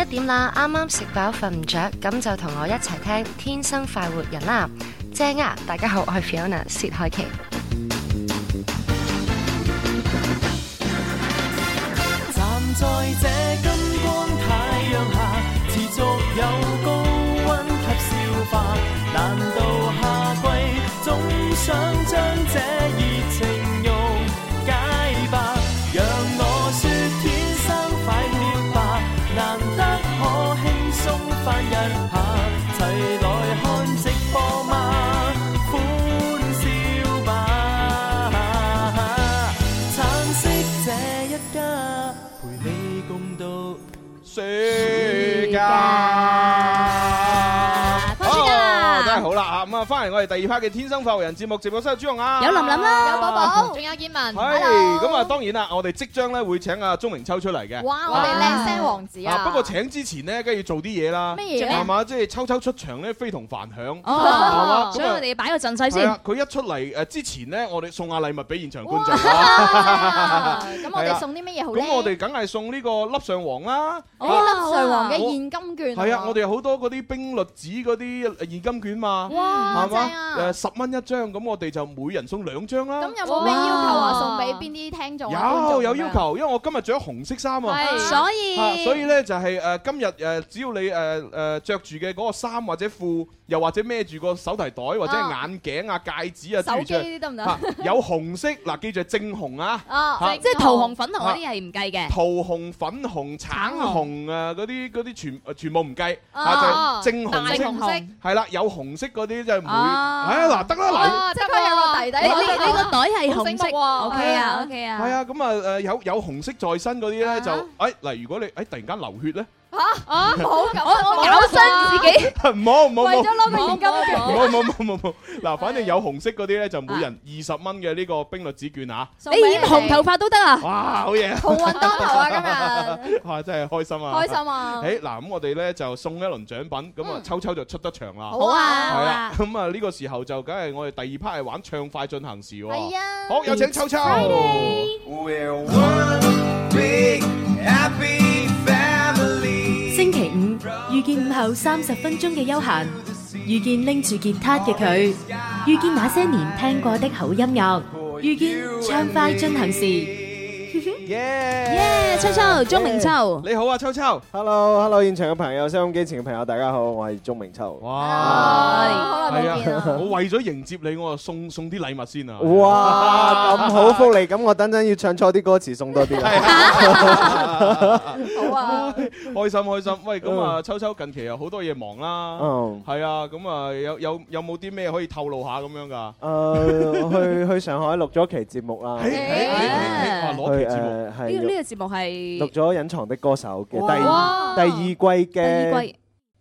一點啦，啱啱食飽瞓唔着，咁就同我一齊聽《天生快活人》啦，正啊！大家好，我係 Fiona 薛凱琪。 我哋第二 part 嘅天生快活人節目直播室，有朱紅啊，有林琳啦，有寶寶，仲有建文，係咁啊！當然啦，我哋即將咧會請阿鍾明秋出嚟嘅。哇！我哋靚聲王子啊！不過請之前咧，梗係要做啲嘢啦。咩嘢係嘛？即係秋秋出場咧，非同凡響，係嘛？所以我哋要擺個陣勢先。佢一出嚟誒之前咧，我哋送下禮物俾現場觀眾。咁我哋送啲乜嘢好？咁我哋梗係送呢個粒上皇啦！呢粒上皇嘅現金券係啊！我哋好多嗰啲冰栗子嗰啲現金券嘛，係嘛？誒、啊、十蚊一張，咁我哋就每人送兩張啦。咁有冇咩要求啊？哇送俾邊啲聽眾、啊？有眾有要求，因為我今日着咗紅色衫啊。係是以、啊，所以呢，所以咧就係、是、誒、呃、今日誒、呃，只要你誒誒、呃呃、著住嘅嗰個衫或者褲。又或者孭住個手提袋，或者係眼鏡啊、戒指啊，手機啲得唔得？有紅色嗱，記住正紅啊！即係桃紅、粉紅嗰啲係唔計嘅。桃紅、粉紅、橙紅啊，嗰啲啲全全部唔計，就係正紅色。係啦，有紅色嗰啲就係唔會。係啊，嗱，得啦，嗱。即係佢有個弟弟，呢個袋係紅色喎。OK 啊，OK 啊。係啊，咁啊誒有有紅色在身嗰啲咧就誒嗱，如果你誒突然間流血咧。吓啊！唔好，我我搞新自己。唔好唔好為咗攞個現金，唔好唔好唔好，嗱，反正有紅色嗰啲咧，就每人二十蚊嘅呢個冰綠紙券啊！你染紅頭髮都得啊！哇，好嘢！紅運當頭啊！今日哇，真係開心啊！開心啊！誒嗱，咁我哋咧就送一輪獎品，咁啊，秋秋就出得場啦！好啊！係啊！咁啊，呢個時候就梗係我哋第二 part 係玩暢快進行時喎！係啊！好，有請秋秋。遇見午後三十分鐘嘅悠閒，遇見拎住吉他嘅佢，遇見那些年聽過的好音樂，遇見唱快進行時。 耶！秋秋，鍾明秋，你好啊，秋秋。Hello，Hello，現場嘅朋友，收音機前嘅朋友，大家好，我係鍾明秋。哇！好耐未見啊！我為咗迎接你，我送送啲禮物先啊！哇！咁好福利，咁我等陣要唱錯啲歌詞，送多啲。好啊！開心開心。喂，咁啊，秋秋近期有好多嘢忙啦。嗯。係啊，咁啊，有有有冇啲咩可以透露下咁樣㗎？誒，去去上海錄咗期節目啦。誒呢個呢個節目係錄咗《隱藏的歌手》嘅哇第哇第二季嘅。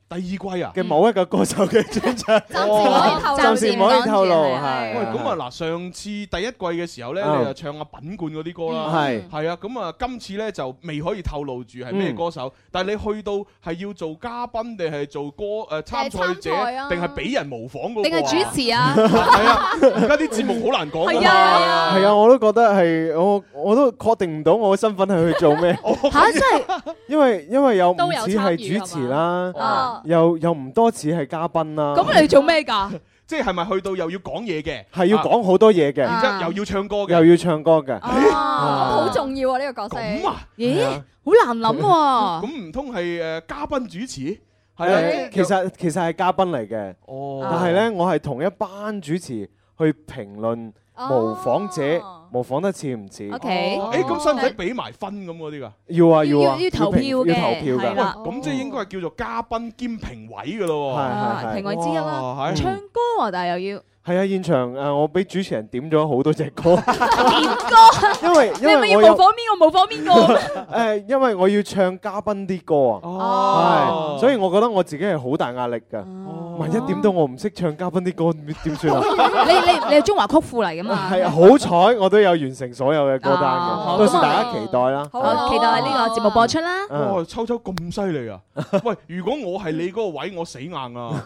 第二季啊嘅某一個歌手嘅演唱，暫時唔可以透露，喂，咁啊嗱。上次第一季嘅時候咧，你就唱阿品冠嗰啲歌啦，係係啊。咁啊，今次咧就未可以透露住係咩歌手，但係你去到係要做嘉賓定係做歌誒參賽者，定係俾人模仿嗰個，定係主持啊？係啊，而家啲節目好難講㗎，係啊，係啊，我都覺得係我我都確定唔到我嘅身份係去做咩嚇，即係因為因為有唔似係主持啦。又又唔多似係嘉賓啦，咁你做咩噶？即係咪去到又要講嘢嘅？係要講好多嘢嘅，然之後又要唱歌嘅，又要唱歌嘅。哦，好重要啊！呢個角色。咦，好難諗喎。咁唔通係誒嘉賓主持？係啊，其實其實係嘉賓嚟嘅。哦，但係呢，我係同一班主持去評論。模仿者模仿得似唔似？O K，誒咁使唔使俾埋分咁嗰啲㗎？要啊，要啊，要投票㗎，要投票㗎，咁即係應該係叫做嘉賓兼評委㗎咯，評委之一啦，唱歌啊，但係又要。係啊，現場誒，我俾主持人點咗好多隻歌。點歌？因為因為我要模仿邊個模仿邊個？誒，因為我要唱嘉賓啲歌啊，係，所以我覺得我自己係好大壓力㗎。萬一點到我唔識唱嘉賓啲歌，點算啊？你你你係中華曲庫嚟㗎嘛？係啊，好彩我都有完成所有嘅歌單嘅，到時大家期待啦。好，期待呢個節目播出啦。秋秋咁犀利啊！喂，如果我係你嗰個位，我死硬啊！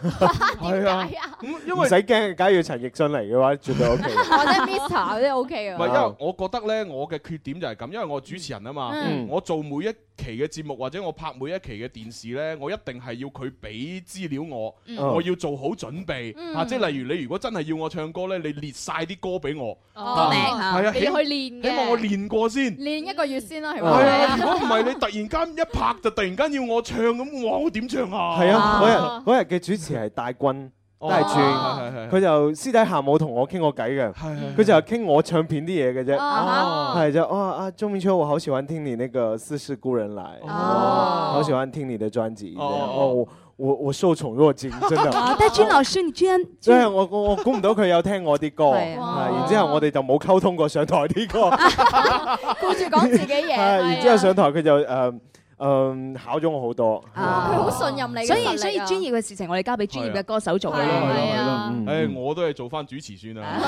係啊，咁因為唔使驚，假如。陳奕迅嚟嘅話，絕對 OK。或者 Mister 都 OK 嘅。唔係因為我覺得咧，我嘅缺點就係咁，因為我主持人啊嘛。我做每一期嘅節目或者我拍每一期嘅電視咧，我一定係要佢俾資料我，我要做好準備嚇。即係例如你如果真係要我唱歌咧，你列晒啲歌俾我，名係啊，你去練，希望我練過先，練一個月先啦，係咪？係啊，如果唔係你突然間一拍就突然間要我唱咁，我點唱啊？係啊，嗰日日嘅主持係戴軍。都係轉，佢就私底下冇同我傾過偈嘅，佢就傾我唱片啲嘢嘅啫，係就哇啊，鍾明秋，我好喜歡聽你呢個似是故人來，我好喜歡聽你嘅專輯，我我我受寵若驚，真係。大俊老師，你居然對我我我估唔到佢有聽我啲歌，然之後我哋就冇溝通過上台啲歌，顧住講自己嘢，然之後上台佢就誒。誒考咗我好多，佢好信任你，所以所以專業嘅事情我哋交俾專業嘅歌手做咯。係啊，誒我都係做翻主持先啦，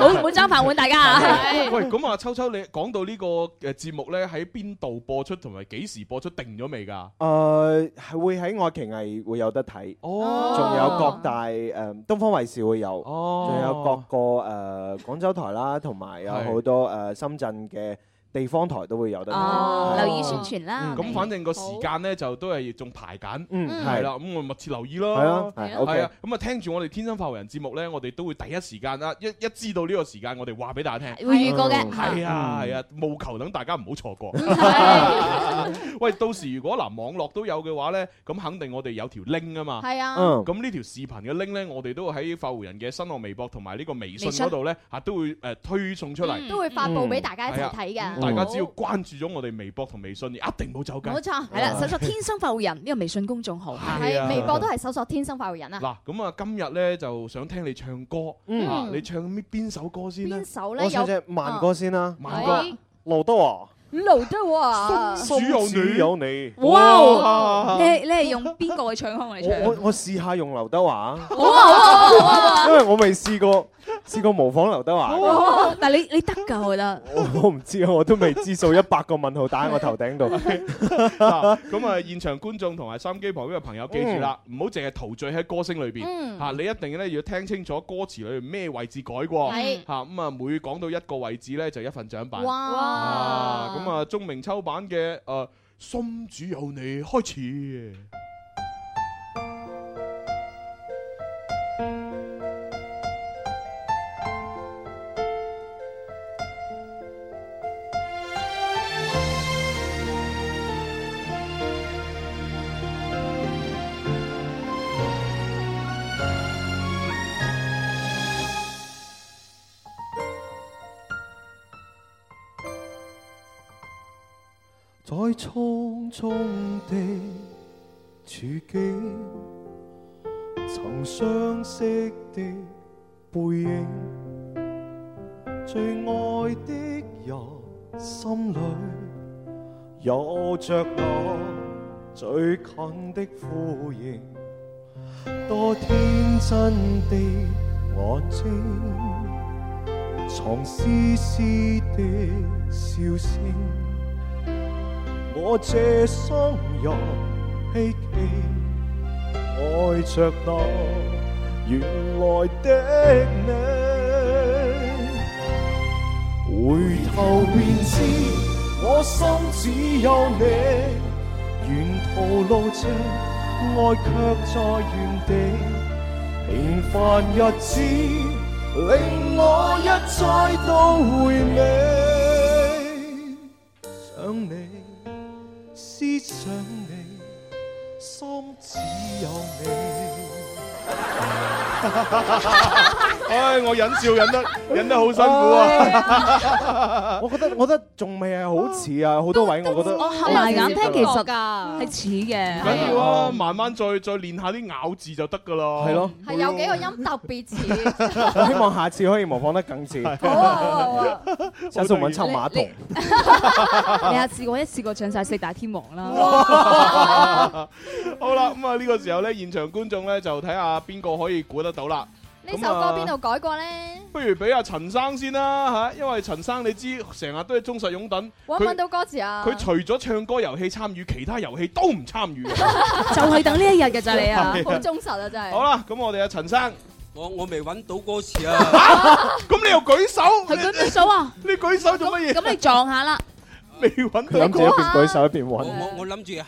冇冇爭飯碗，大家嚇。喂，咁啊，秋秋，你講到呢個誒節目咧，喺邊度播出同埋幾時播出定咗未㗎？誒係會喺愛奇藝會有得睇，哦，仲有各大誒東方衛視會有，哦，仲有各個誒廣州台啦，同埋有好多誒深圳嘅。地方台都會有得哦，留意宣傳啦。咁反正個時間咧就都係仲排緊，係啦。咁我密切留意咯。係啊，係 OK。咁啊，聽住我哋《天生快活人》節目咧，我哋都會第一時間啦一一知道呢個時間，我哋話俾大家聽。會預告嘅。係啊，係啊，務求等大家唔好錯過。喂，到時如果嗱網絡都有嘅話咧，咁肯定我哋有條 link 啊嘛。係啊。咁呢條視頻嘅 link 咧，我哋都會喺快活人嘅新浪微博同埋呢個微信嗰度咧，嚇都會誒推送出嚟，都會發布俾大家一齊睇嘅。大家只要關注咗我哋微博同微信，一定冇走雞。冇錯，係啦，搜索天生快活人呢個微信公眾號，係微博都係搜索天生快活人啊。嗱，咁啊，今日咧就想聽你唱歌，你唱咩邊首歌先咧？邊首咧？有唱隻慢歌先啦，慢歌。劉德華。咁劉德華，主有女有你。哇！你你係用邊個去唱腔嚟唱？我我試下用劉德華。啊，因為我未試過。試過模仿劉德華，但你你得㗎， 我覺得。我唔知啊，我都未知數一百個問號打喺我頭頂度。咁 啊，現場觀眾同埋收音機旁邊嘅朋友記住啦，唔好淨係陶醉喺歌聲裏邊。嚇、嗯，你一定咧要聽清楚歌詞裏邊咩位置改過。係、嗯。嚇、嗯，咁、嗯、啊、嗯，每講到一個位置咧，就一份獎品。哇！咁啊，鐘、嗯、明秋版嘅《誒、啊、心主有你》開始。匆匆的處境，曾相識的背影，最愛的人心裏有着我最近的呼應，多天真的眼睛，藏絲絲的笑聲。我這生若希冀，愛着那原來的你，回頭便知我心只有你。沿途路程，愛卻在原地，平凡日子令我一再都回味。想你，心只有你。唉，我忍笑忍得，忍得好辛苦啊！我覺得，我覺得仲未係，好似啊，好多位我覺得。我合埋眼聽，其實噶係似嘅。緊要啊，慢慢再再練下啲咬字就得噶啦。係咯，係有幾個音特別似。我希望下次可以模仿得更似。哇！好想搵抽馬桶。你啊，試過一次過唱晒四大天王啦。好啦，咁啊呢個時候咧，現場觀眾咧就睇下邊個可以估得到啦。呢首歌邊度改過咧、啊？不如俾阿陳生先啦、啊、吓、啊，因為陳生你知成日都係忠實擁躉。揾唔揾到歌詞啊？佢除咗唱歌遊戲參與，其他遊戲都唔參與。 就係等呢一日嘅，咋你啊？好 忠實啊真係。好啦，咁我哋阿陳生，我我未揾到歌詞啊。咁、 啊、你又舉手？係舉咩手啊？ 你舉手做乜嘢？咁、啊、你撞下啦。你要揾佢，諗住一邊舉手一邊揾。我我諗住下，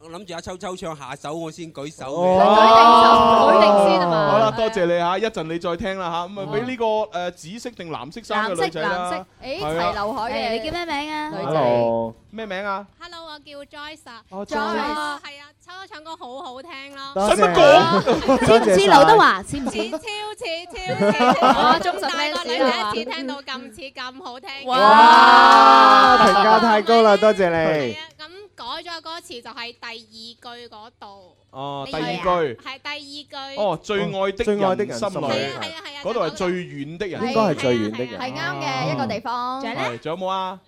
我諗住阿秋秋唱下首，我先舉手。舉定手，舉定先啫嘛。好啦，多謝你嚇，一陣你再聽啦嚇。咁啊，俾呢個誒紫色定藍色衫嘅女仔啦。係。齊劉海嘅，你叫咩名啊？Hello，咩名啊？Hello，我叫 Joyce。哦，Joyce 係啊，秋秋唱歌好好聽咯。使乜講？似唔似劉德華？似唔似？超似超似。哇！仲大個女第一次聽到咁似咁好聽嘅。哇！評價聽。太高啦！多謝你。係啊，咁改咗歌詞就係第二句嗰度。哦，第二句。係第二句。哦，最愛的最愛的人心裏，係啊係啊嗰度係最遠的人，應該係最遠的人。係啱嘅一個地方。仲有冇啊？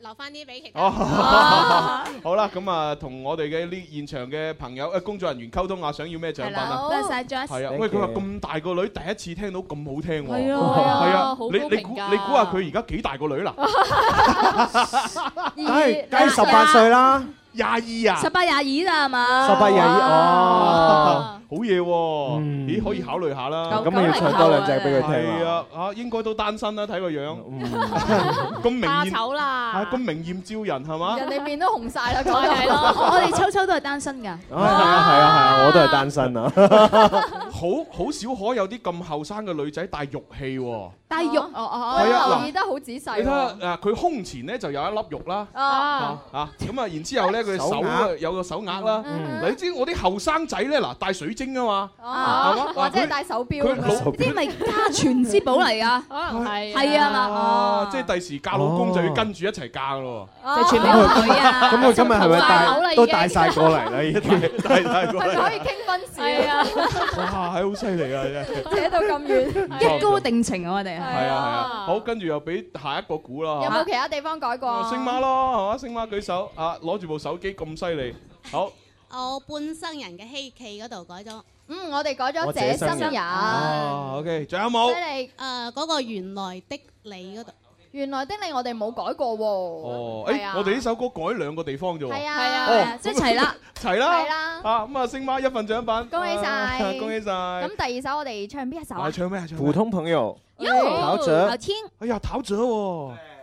留翻啲俾其他，好啦，咁啊，同我哋嘅呢現場嘅朋友、一、呃、工作人員溝通下，想要咩獎品啊？多謝晒，再一次。係啊，喂，佢話咁大個女，第一次聽到咁好聽喎。係啊，啊啊啊啊你你估你估下佢而家幾大個女嗱、啊？梗係、哎、十八歲啦。廿二啊！十八廿二啦，係嘛？十八廿二哦，好嘢喎！咦，可以考慮下啦。咁要唱多兩隻俾佢聽。係啊，嚇應該都單身啦，睇個樣。咁明醜啦！咁明豔招人係嘛？人哋面都紅晒啦，梗係咯。我哋秋秋都係單身㗎。係啊係啊係啊！我都係單身啊！好好少可有啲咁後生嘅女仔戴玉器喎。戴玉，我留意得好仔細。你睇下，誒佢胸前咧就有一粒玉啦。啊咁啊，然之後咧。佢手啊，有個手鐲啦。你知我啲後生仔咧，嗱戴水晶啊嘛，或者戴手錶，呢啲咪家傳之寶嚟噶。係啊，即係第時嫁老公就要跟住一齊嫁咯。就傳俾佢啊！咁我今日係咪戴都戴曬過嚟啦？已經戴戴曬過嚟。係可以傾婚事啊！哇，係好犀利啊！扯到咁遠，一高定情啊！我哋係啊係啊。好跟住又俾下一個估啦。有冇其他地方改過？星媽咯，嚇星媽舉手，啊攞住部手機咁犀利，好。我半生人嘅稀奇嗰度改咗，嗯，我哋改咗這生人。O K，仲有冇？犀利，誒嗰個原來的你嗰度，原來的你我哋冇改過喎。哦，誒，我哋呢首歌改兩個地方啫喎。係啊，係啊，即係齊啦，齊啦。係啦。嚇，咁啊，星媽一份獎品。恭喜曬，恭喜曬。咁第二首我哋唱邊一首啊？唱咩啊？普通朋友。陶喆。陶喆。哎呀，陶喆喎。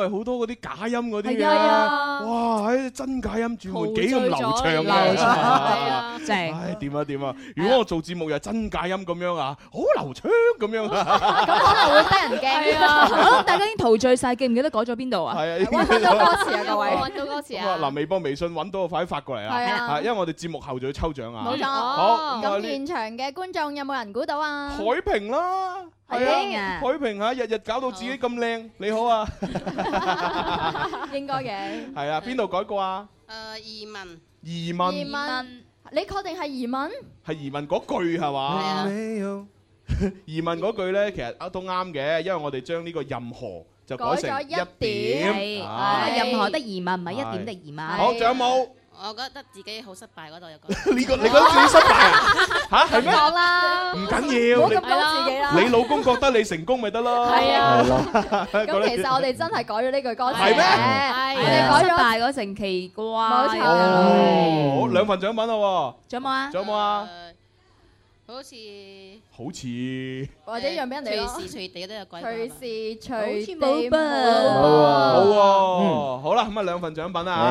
係好多嗰啲假音嗰啲嘢，哇！喺真假音轉換幾咁流暢啊！即係點啊點啊！如果我做節目又真假音咁樣啊，好流暢咁樣啊，咁可能會得人驚。係啊，大家已經陶醉晒，記唔記得改咗邊度啊？係啊，搵到歌詞啊，各位搵到歌詞啊。嗱，微博、微信搵到啊，快啲發過嚟啦。係啊，因為我哋節目後就要抽獎啊。冇錯。好，咁現場嘅觀眾有冇人估到啊？海平啦。係啊，海平下日日搞到自己咁靚，你好啊。應該嘅。係啊，邊度改過啊？誒，移民。移民移民，你確定係移民？係移民嗰句係嘛？係啊。移民嗰句咧，其實都啱嘅，因為我哋將呢個任何就改成咗一點，任何嘅移民唔係一點嘅移民。好，仲有冇？我覺得自己好失敗嗰度，又覺得你覺，你覺得自己失敗 啊？嚇係咩？講啦，唔緊要，咪咁講自己啦。 你老公覺得你成功咪得咯？係啊。咁 其實我哋真係改咗呢句歌詞嘅，嗎啊、我哋改咗大嗰成奇怪哇、啊哦。好！兩份獎品啦喎。仲有冇啊？仲有冇啊？好似，好似，或者讓俾人哋隨時隨地都有鬼得啦，隨時隨地冇錯，好啊，好啦，咁啊兩份獎品啊。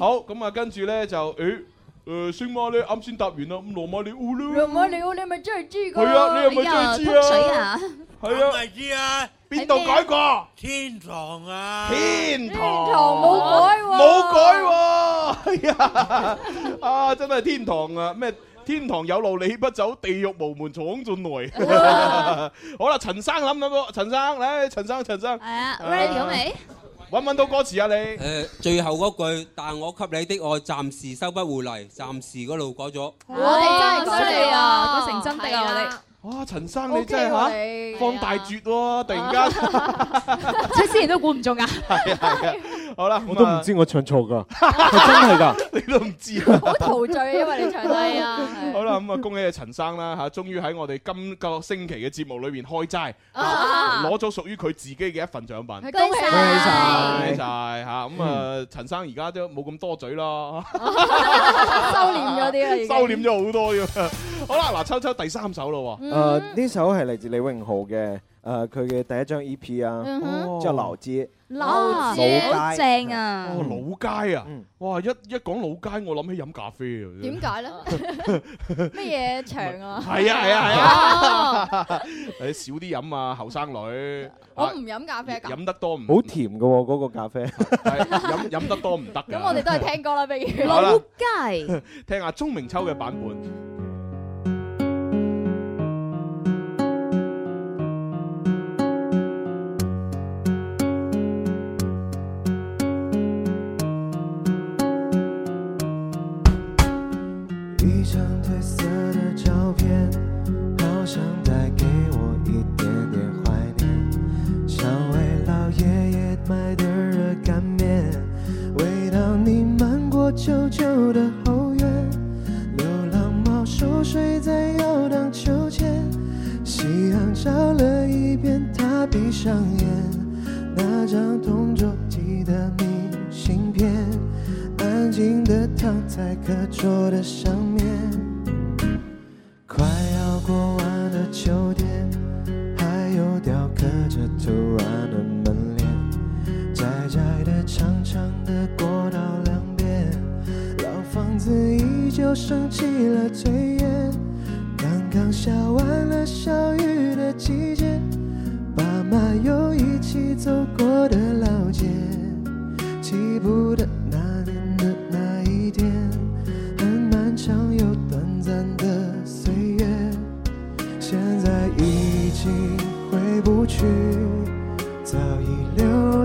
好，咁啊跟住咧就，誒，誒，星媽咧啱先答完啦，羅馬利奧咧，羅馬利奧，你咪真係知噶，係啊，你又咪真係知啊？水啊，係啊，知啊，邊度改過？天堂啊，天堂冇改，冇改，係啊，啊，真係天堂啊，咩？天堂有路你不走，地獄無門闖進來。 好啦，陳生諗啦噃，陳生，嚟，陳生，陳生。係啊、uh，ready 好未？揾揾到歌詞啊你？誒，最後嗰句，但我給你的愛，暫時收不回嚟，暫時嗰度改咗。我、哦、你真係犀利啊，改成真㗎啦你。哇！陳生你真係嚇，放、啊、大絕喎、啊，突然間。出思然都估唔中㗎。係啊係啊。 好啦，我都唔知我唱錯噶，真係噶，你都唔知啊！好陶醉，因為你唱低啊！好啦，咁啊，恭喜阿陳生啦吓，終於喺我哋今個星期嘅節目裏邊開齋，攞咗屬於佢自己嘅一份獎品。恭喜恭喜晒吓！咁啊，陳生而家都冇咁多嘴啦，收斂咗啲啊，收斂咗好多嘅。好啦，嗱，抽抽第三首咯。誒，呢首係嚟自李榮浩嘅，誒，佢嘅第一張 EP 啊，即係《流金》。老街，好正啊！老街啊，哇，一一講老街，我諗起飲咖啡啊！點解咧？咩嘢場啊？係啊，係啊，係啊！你少啲飲啊，後生女。我唔飲咖啡。飲得多唔好甜噶喎，嗰個咖啡飲飲得多唔得嘅。咁我哋都係聽歌啦，不如老街，聽下鐘明秋嘅版本。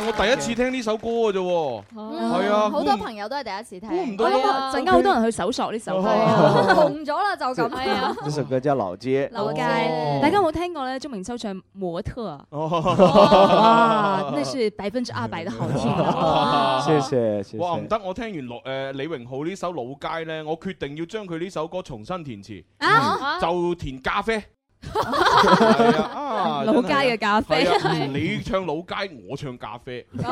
我第一次聽呢首歌嘅啫，係啊，好多朋友都係第一次聽，陣間好多人去搜索呢首歌，紅咗啦就咁啦。呢首歌叫《老街》，老街大家有冇聽過咧？鍾明秋唱《模特》。哇，那是百分之二百嘅好聽。謝謝。哇，唔得，我聽完，呃，李榮浩呢首《老街》咧，我決定要將佢呢首歌重新填詞，就填咖啡。 老街嘅咖啡 係啊。你唱老街，我唱咖啡。係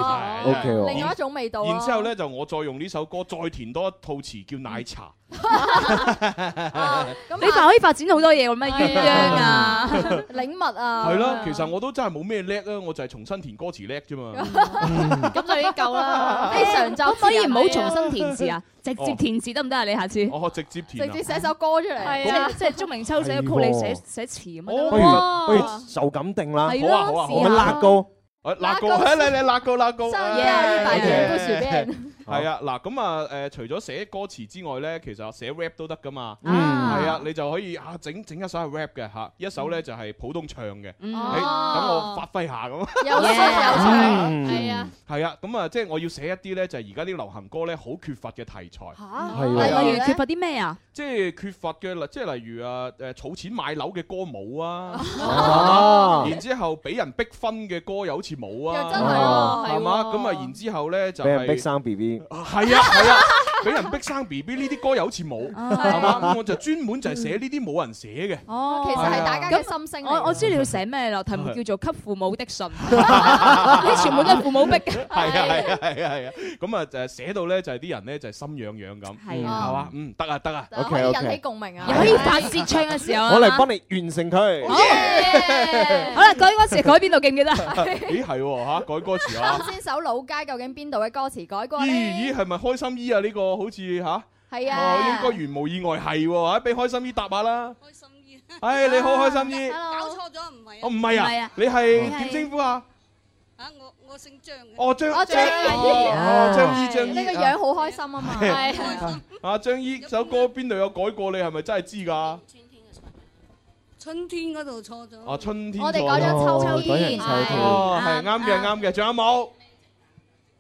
OK 喎。另外一種味道。然之後呢，就我再用呢首歌再填多一套詞，叫奶茶。 你就可以發展好多嘢，咩嘢啊、禮物啊？係咯，其實我都真係冇咩叻咧，我就係重新填歌詞叻啫嘛。咁就已經夠啦。喺上晝可唔可以唔好重新填詞啊？直接填詞得唔得啊？你下次？哦，直接填啊！直接寫首歌出嚟。係啊，即係鍾明秋寫嘅曲，你寫寫詞咁啊。哦，不如就咁定啦。係咯，好啊，好啊。拉高，拉高，係你你拉高拉高。上野一百年不許變。係啊，嗱咁啊，誒除咗寫歌詞之外咧，其實寫 rap 都得噶嘛。啊，係啊，你就可以啊，整整一首 rap 嘅嚇，一首咧就係普通唱嘅。等我發揮下咁。有嘢，有唱，係啊。係啊，咁啊，即係我要寫一啲咧，就係而家啲流行歌咧，好缺乏嘅題材。嚇，係啊。例如缺乏啲咩啊？即係缺乏嘅，即係例如啊，誒儲錢買樓嘅歌冇啊。然之後俾人逼婚嘅歌又好似冇啊。真係啊，係嘛？咁啊，然之後咧就係俾人逼生 B B。係啊！係啊！俾人逼生 B B 呢啲歌又好似冇？咁我就專門就係寫呢啲冇人寫嘅。哦，其實係大家嘅心聲。我我知道你要寫咩咯，題目叫做《給父母的信》，呢啲全部都係父母逼嘅。係啊，係啊，係啊，咁啊誒寫到咧就係啲人咧就係心癢癢咁。係啊，係嘛？嗯，得啊，得啊，OK OK。可以引起共鳴啊，可以發泄唱嘅時候，我嚟幫你完成佢。好，好啦，改歌詞改邊度記唔記得？咦係喎嚇，改歌詞啊！先首老街究竟邊度嘅歌詞改過咧？咦係咪開心衣啊呢個？好似吓？係啊，應該完無意外係喎，俾開心姨答下啦。開心姨，唉，你好，開心姨。Hello。搞錯咗唔係哦，唔係啊，你係點稱呼啊？啊，我我姓張哦張，張姨姨啊，張姨張。呢個樣好開心啊嘛，係開心。啊張姨，首歌邊度有改過？你係咪真係知㗎？春天嗰度錯咗。啊春天，我哋改咗秋秋啲。哦，係啱嘅啱嘅，仲有冇？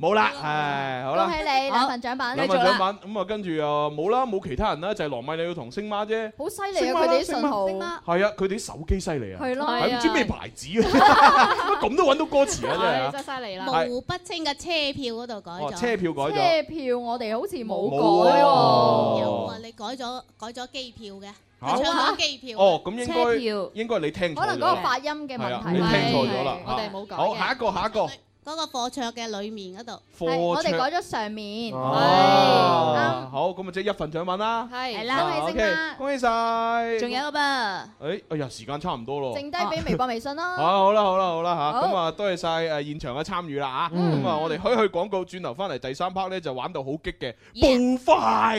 冇啦，係好啦，恭喜你兩份獎品啦，兩份獎品咁啊，跟住又冇啦，冇其他人啦，就係羅米你要同星媽啫，好犀利啊！佢哋啲訊號，係啊，佢哋啲手機犀利啊，係啊，唔知咩牌子啊，咁都揾到歌詞啊，真係真犀利啦，模糊不清嘅車票嗰度改咗，車票改咗，車票我哋好似冇改喎，你改咗改咗機票嘅，你唱下機票，哦，咁應該應該你聽可能嗰個發音嘅問題，你聽錯咗啦，我哋冇改！好，下一個下一個。嗰個課桌嘅裏面嗰度，我哋改咗上面。哦，好，咁啊即係一份獎品啦。係，係啦。O K，恭喜晒！仲有個噃。誒，哎呀，時間差唔多咯。剩低俾微博微信咯。好啦，好啦，好啦嚇。咁啊，多謝晒誒現場嘅參與啦嚇。咁啊，我哋開去廣告，轉頭翻嚟第三 part 咧就玩到好激嘅暴快。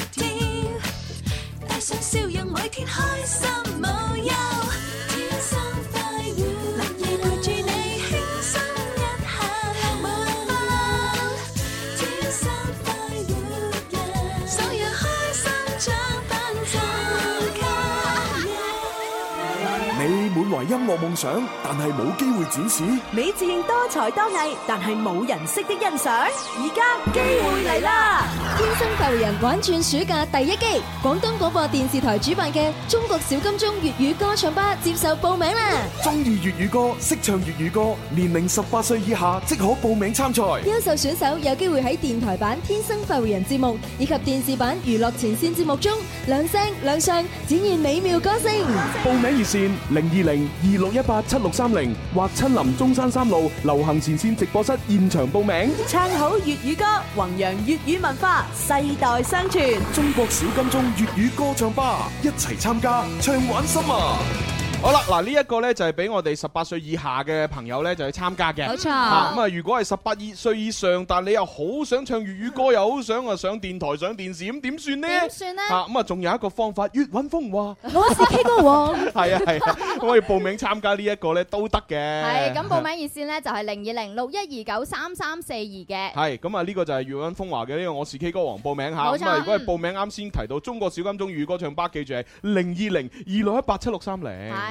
開心無憂。係音樂夢想，但係冇機會展示。你自認多才多藝，但係冇人識得欣賞。而家機會嚟啦！天生快活人玩轉暑假第一機，廣東廣播電視台主辦嘅中國小金鐘粵語歌唱吧接受報名啦！中意粵語歌，識唱粵語歌，年齡十八歲以下即可報名參賽。優秀選手有機會喺電台版《天生快活人》節目以及電視版《娛樂前線》節目中亮聲亮相，展現美妙歌聲。報名熱線：零二零。二六一八七六三零或親臨中山三路流行前線直播室現場報名，唱好粵語歌，弘揚粵語文化，世代相傳。中國小金鐘粵語歌唱吧，一齊參加，唱玩心啊！好啦，嗱呢一個呢就係俾我哋十八歲以下嘅朋友呢就去參加嘅。冇錯。咁啊，如果係十八二歲以上，但你又好想唱粵語歌，又好想啊上電台、上電視，咁點算呢？點算呢？咁啊，仲有一個方法，粵韻風華。我是 K 歌王。係啊係啊，可以報名參加呢一個呢都得嘅。係。咁報名熱線呢就係零二零六一二九三三四二嘅。係。咁啊呢個就係粵韻風華嘅呢個我是 K 歌王報名吓。冇錯。咁啊如果係報名啱先提到中國小金鐘粵語歌唱吧，記住係零二零二六一八七六三零。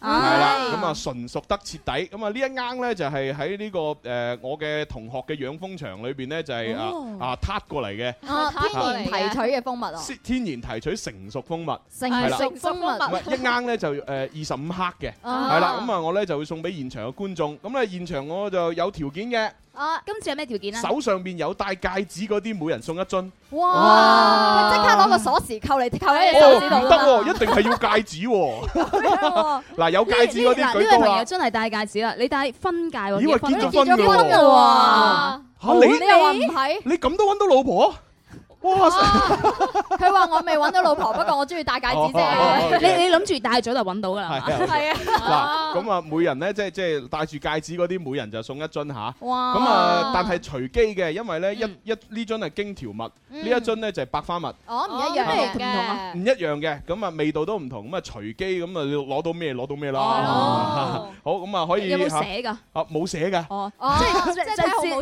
係啦，咁啊就純熟得徹底，咁啊呢一羹咧就係喺呢個誒、呃、我嘅同學嘅養蜂場裏邊咧就係、是哦、啊啊撻過嚟嘅，天然提取嘅蜂蜜咯，啊、天然提取成熟蜂蜜，成，了成熟蜂蜜一羹咧就誒二十五克嘅，係啦、啊，咁啊我咧就會送俾現場嘅觀眾，咁咧現場我就有條件嘅。啊！今次有咩條件啊？手上邊有戴戒指嗰啲，每人送一樽。哇！即哇刻攞個鎖匙扣嚟扣喺你戒指度唔得哦，啊、 一定係要戒指。嗱，有戒指嗰啲。呢位 朋友真係戴戒指啦，你戴婚戒、啊。以為結咗婚嘅。啊你、啊啊、你又話唔係？你咁都揾到老婆？哇！佢話我未揾到老婆，不過我中意戴戒指啫。你你諗住戴咗就揾到噶啦？係啊！嗱，咁啊，每人咧即係即係戴住戒指嗰啲，每人就送一樽吓，哇！咁啊，但係隨機嘅，因為咧一一呢樽係荊條蜜，呢一樽咧就係百花蜜。哦，唔一樣嘅，唔一樣嘅。咁啊，味道都唔同。咁啊，隨機咁啊，攞到咩攞到咩囉。好，咁啊，可以有冇寫㗎？啊，冇寫㗎。哦，即係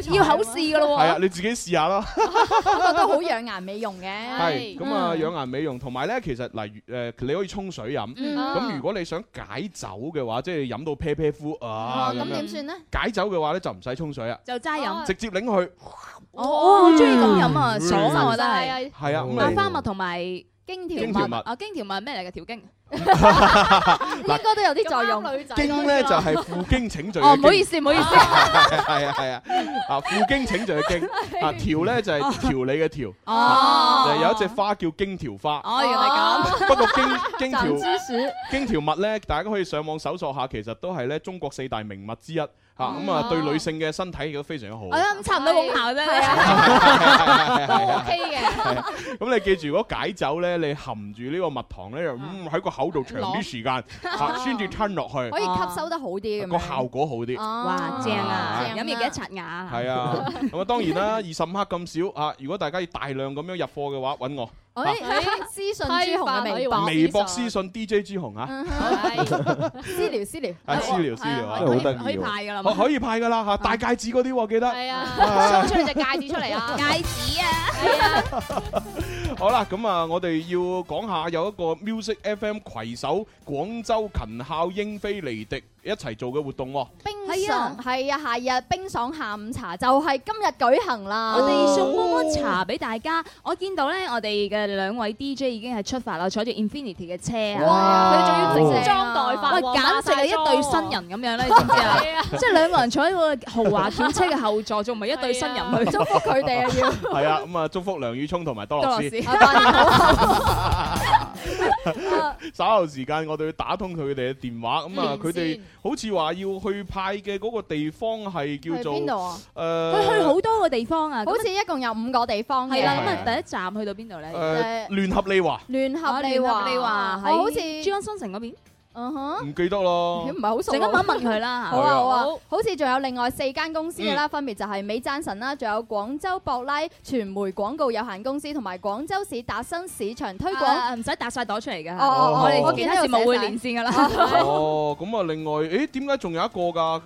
即要口試㗎咯喎。係啊，你自己試下咯。我覺得好癢。顏美容嘅，係咁啊，養顏美容同埋咧，其實例如誒，你可以沖水飲。咁如果你想解酒嘅話，即係飲到啤啤夫啊，咁點算咧？解酒嘅話咧就唔使沖水啊，就齋飲，直接擰去。我中意咁飲啊，爽啊，我覺得係啊。花蜜同埋荊條蜜啊，荊條蜜咩嚟嘅？調經。嗱， 應該都有啲作用。荊咧就係、是、負荊請罪嘅荊。哦，唔好意思，唔好意思。係 啊，係啊。啊，負荊請罪嘅荊。 啊，條咧就係、是、條理嘅條。哦。啊、就是、有一隻花叫荊條花。哦，原來咁。 不過荊，荊條、荊條物咧，大家可以上網搜索下，其實都係咧中國四大名物之一。啊咁啊，對女性嘅身體亦都非常之好。我諗差唔多功效啫，係啊，OK 嘅。咁你記住，如果解酒咧，你含住呢個蜜糖咧，就喺個口度長啲時間，先至吞落去。可以吸收得好啲，個效果好啲。哇，正啊！飲完幾多刷牙啊？係啊，咁啊當然啦，二十五克咁少啊！如果大家要大量咁樣入貨嘅話，揾我。喺喺私信朱紅嘅微博，微博私信 DJ 朱紅啊！私聊私聊，係私聊私聊，好得意！可以派噶啦，可以派噶啦吓，大戒指嗰啲我記得。係啊，送出隻戒指出嚟啊！戒指啊，啊！好啦，咁啊，我哋要講下有一個 Music FM 携手廣州勤孝英菲尼迪。一齊做嘅活動喎，冰爽係啊，係啊，夏日冰爽下午茶就係今日舉行啦。我哋送波波茶俾大家。我見到咧，我哋嘅兩位 DJ 已經係出發啦，坐住 Infinity 嘅車。哇！佢哋仲要整裝待發，簡直係一對新人咁樣咧。你知唔知？係啊，即係兩個人坐喺個豪華轎車嘅後座，仲唔係一對新人去祝福佢哋啊？要係啊，咁啊，祝福梁宇聰同埋多樂士。稍後時間我哋會打通佢哋嘅電話，咁啊，佢哋好似話要去派嘅嗰個地方係叫做邊度啊？誒、呃，佢去好多個地方啊，好似一共有五個地方係啦。咁、嗯、啊，啊啊啊第一站去到邊度咧？誒、呃，聯、就是、聯合利華。聯合利華，聯、啊、聯合利華好似珠江新城嗰邊。唔記得啦，佢唔係好熟。陣間問問佢啦，好啊好啊。好似仲有另外四間公司啦，分別就係美贊臣啦，仲有廣州博拉傳媒廣告有限公司，同埋廣州市達新市場推廣，唔使搭曬袋出嚟嘅。哦，我哋我其他節目會連線㗎啦。哦，咁啊，另外，誒，點解仲有一個㗎？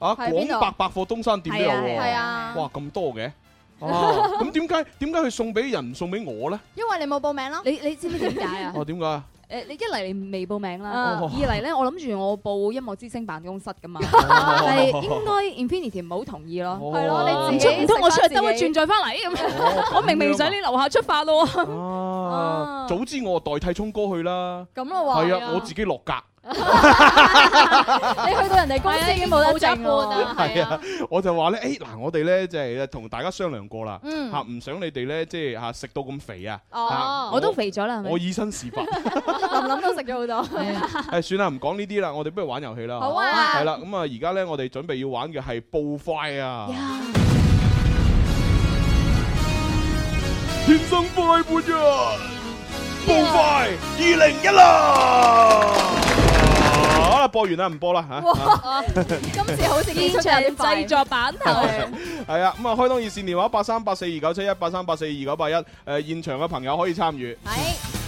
啊，廣百百貨東山店都有喎。係啊！哇，咁多嘅。哦，咁點解點解佢送俾人唔送俾我咧？因為你冇報名咯。你你知唔知點解啊？哦，點解？誒，你、嗯、一嚟你未報名啦，啊、二嚟咧，我諗住我報音樂之聲辦公室噶嘛，係、啊、應該 Infinity 唔好同意咯，係咯、啊，你唔通我出去兜一轉再翻嚟咁，啊、我明明想你樓下出發咯，啊、早知我代替聰哥去啦，咁咯喎，係啊，啊我自己落格。你去到人哋公司已經冇得爭啊！係啊，我就話咧，誒嗱，我哋咧即係同大家商量過啦，吓，唔想你哋咧即係吓食到咁肥啊！哦，我都肥咗啦，我以身試法，林林都食咗好多。誒，算啦，唔講呢啲啦，我哋不如玩遊戲啦。好啊！係啦，咁啊，而家咧我哋準備要玩嘅係步快啊！天生快活啊，步快二零一啦！播完啦，唔播啦吓，哇！今次好似現場製作版頭。係啊，咁啊，開通熱線電話八三八四二九七一八三八四二九八一，誒、呃、現場嘅朋友可以參與。係。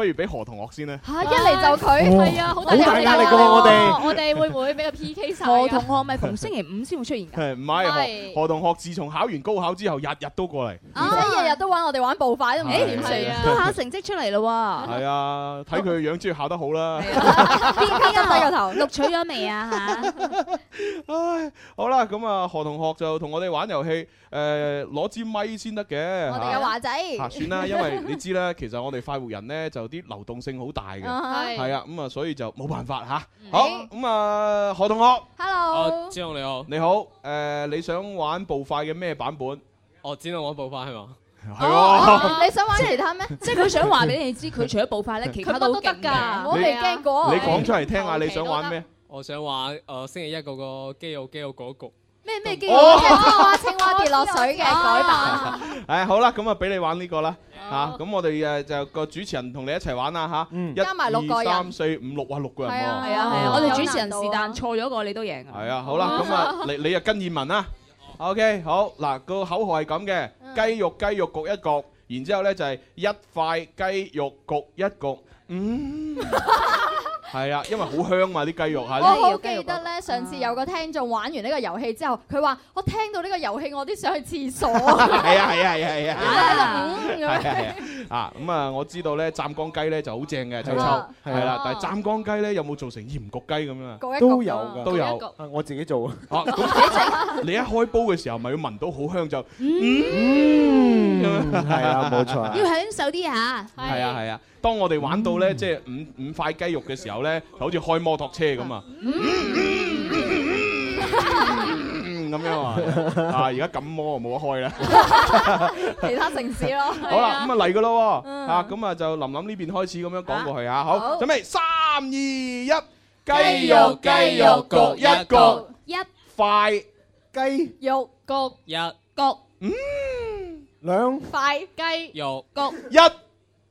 不如俾何同學先咧嚇，一嚟就佢係啊，好大壓力㗎喎！我哋我哋會唔會俾個 P K.？何同學咪逢星期五先會出現㗎？係唔係？何同學自從考完高考之後，日日都過嚟。啊，日日都玩我哋玩步快都唔？誒點算啊？考成績出嚟啦喎！係啊，睇佢個樣考得好啦。邊間學校入頭錄取咗未啊？嚇！唉，好啦，咁啊，何同學就同我哋玩遊戲，誒攞支咪先得嘅。我哋有華仔。嚇，算啦，因為你知啦，其實我哋快活人咧就。啲流動性好大嘅，係啊，咁啊、嗯，所以就冇辦法吓。啊嗯、好咁啊、嗯，何同學，Hello，展龍、啊、你好，你好。誒、呃，你想玩步快嘅咩版本？我知我哦，展龍玩步快係嘛？係喎，你想玩其 他咩？即係佢想話畀你知，佢除咗步快咧，其他都得㗎。 我未驚過。啊、你講出嚟聽，聽下，你想玩咩？我想玩誒、呃、星期一嗰個肌肉肌肉嗰局。咩咩叫青蛙青蛙跌落水嘅改版？誒好啦，咁啊俾你玩呢個啦嚇，咁我哋誒就個主持人同你一齊玩啦嚇，加埋六個人，三四五六啊，六個人喎。係啊係啊，我哋主持人是但錯咗個你都贏。係啊，好啦，咁啊你你啊跟燕文啦。OK，好，嗱，個口號係咁嘅，雞肉雞肉焗一焗，然之後咧就係一塊雞肉焗一焗。嗯。係啊，因為好香嘛啲雞肉啊！我好記得咧，上次有個聽眾玩完呢個遊戲之後，佢話：我聽到呢個遊戲，我都想去廁所啊！係啊係啊係啊係啊！啊咁啊，我知道咧，湛江雞咧就好正嘅，秋秋。係啦。但係湛江雞咧有冇做成鹽焗雞咁樣？都有㗎都有。我自己做。你一開煲嘅時候，咪要聞到好香就嗯，係啊，冇錯。要享受啲嚇，係啊係啊。當我哋玩到咧，即係五五塊雞肉嘅時候咧，就好似開摩托車咁啊，咁樣啊，啊而家禁摩冇得開啦，其他城市咯。好啦，咁啊嚟噶咯，啊咁啊就林林呢邊開始咁樣講過去啊，好，準備三二一，雞肉雞肉焗一焗，一塊雞肉焗一焗，嗯，兩塊雞肉焗一。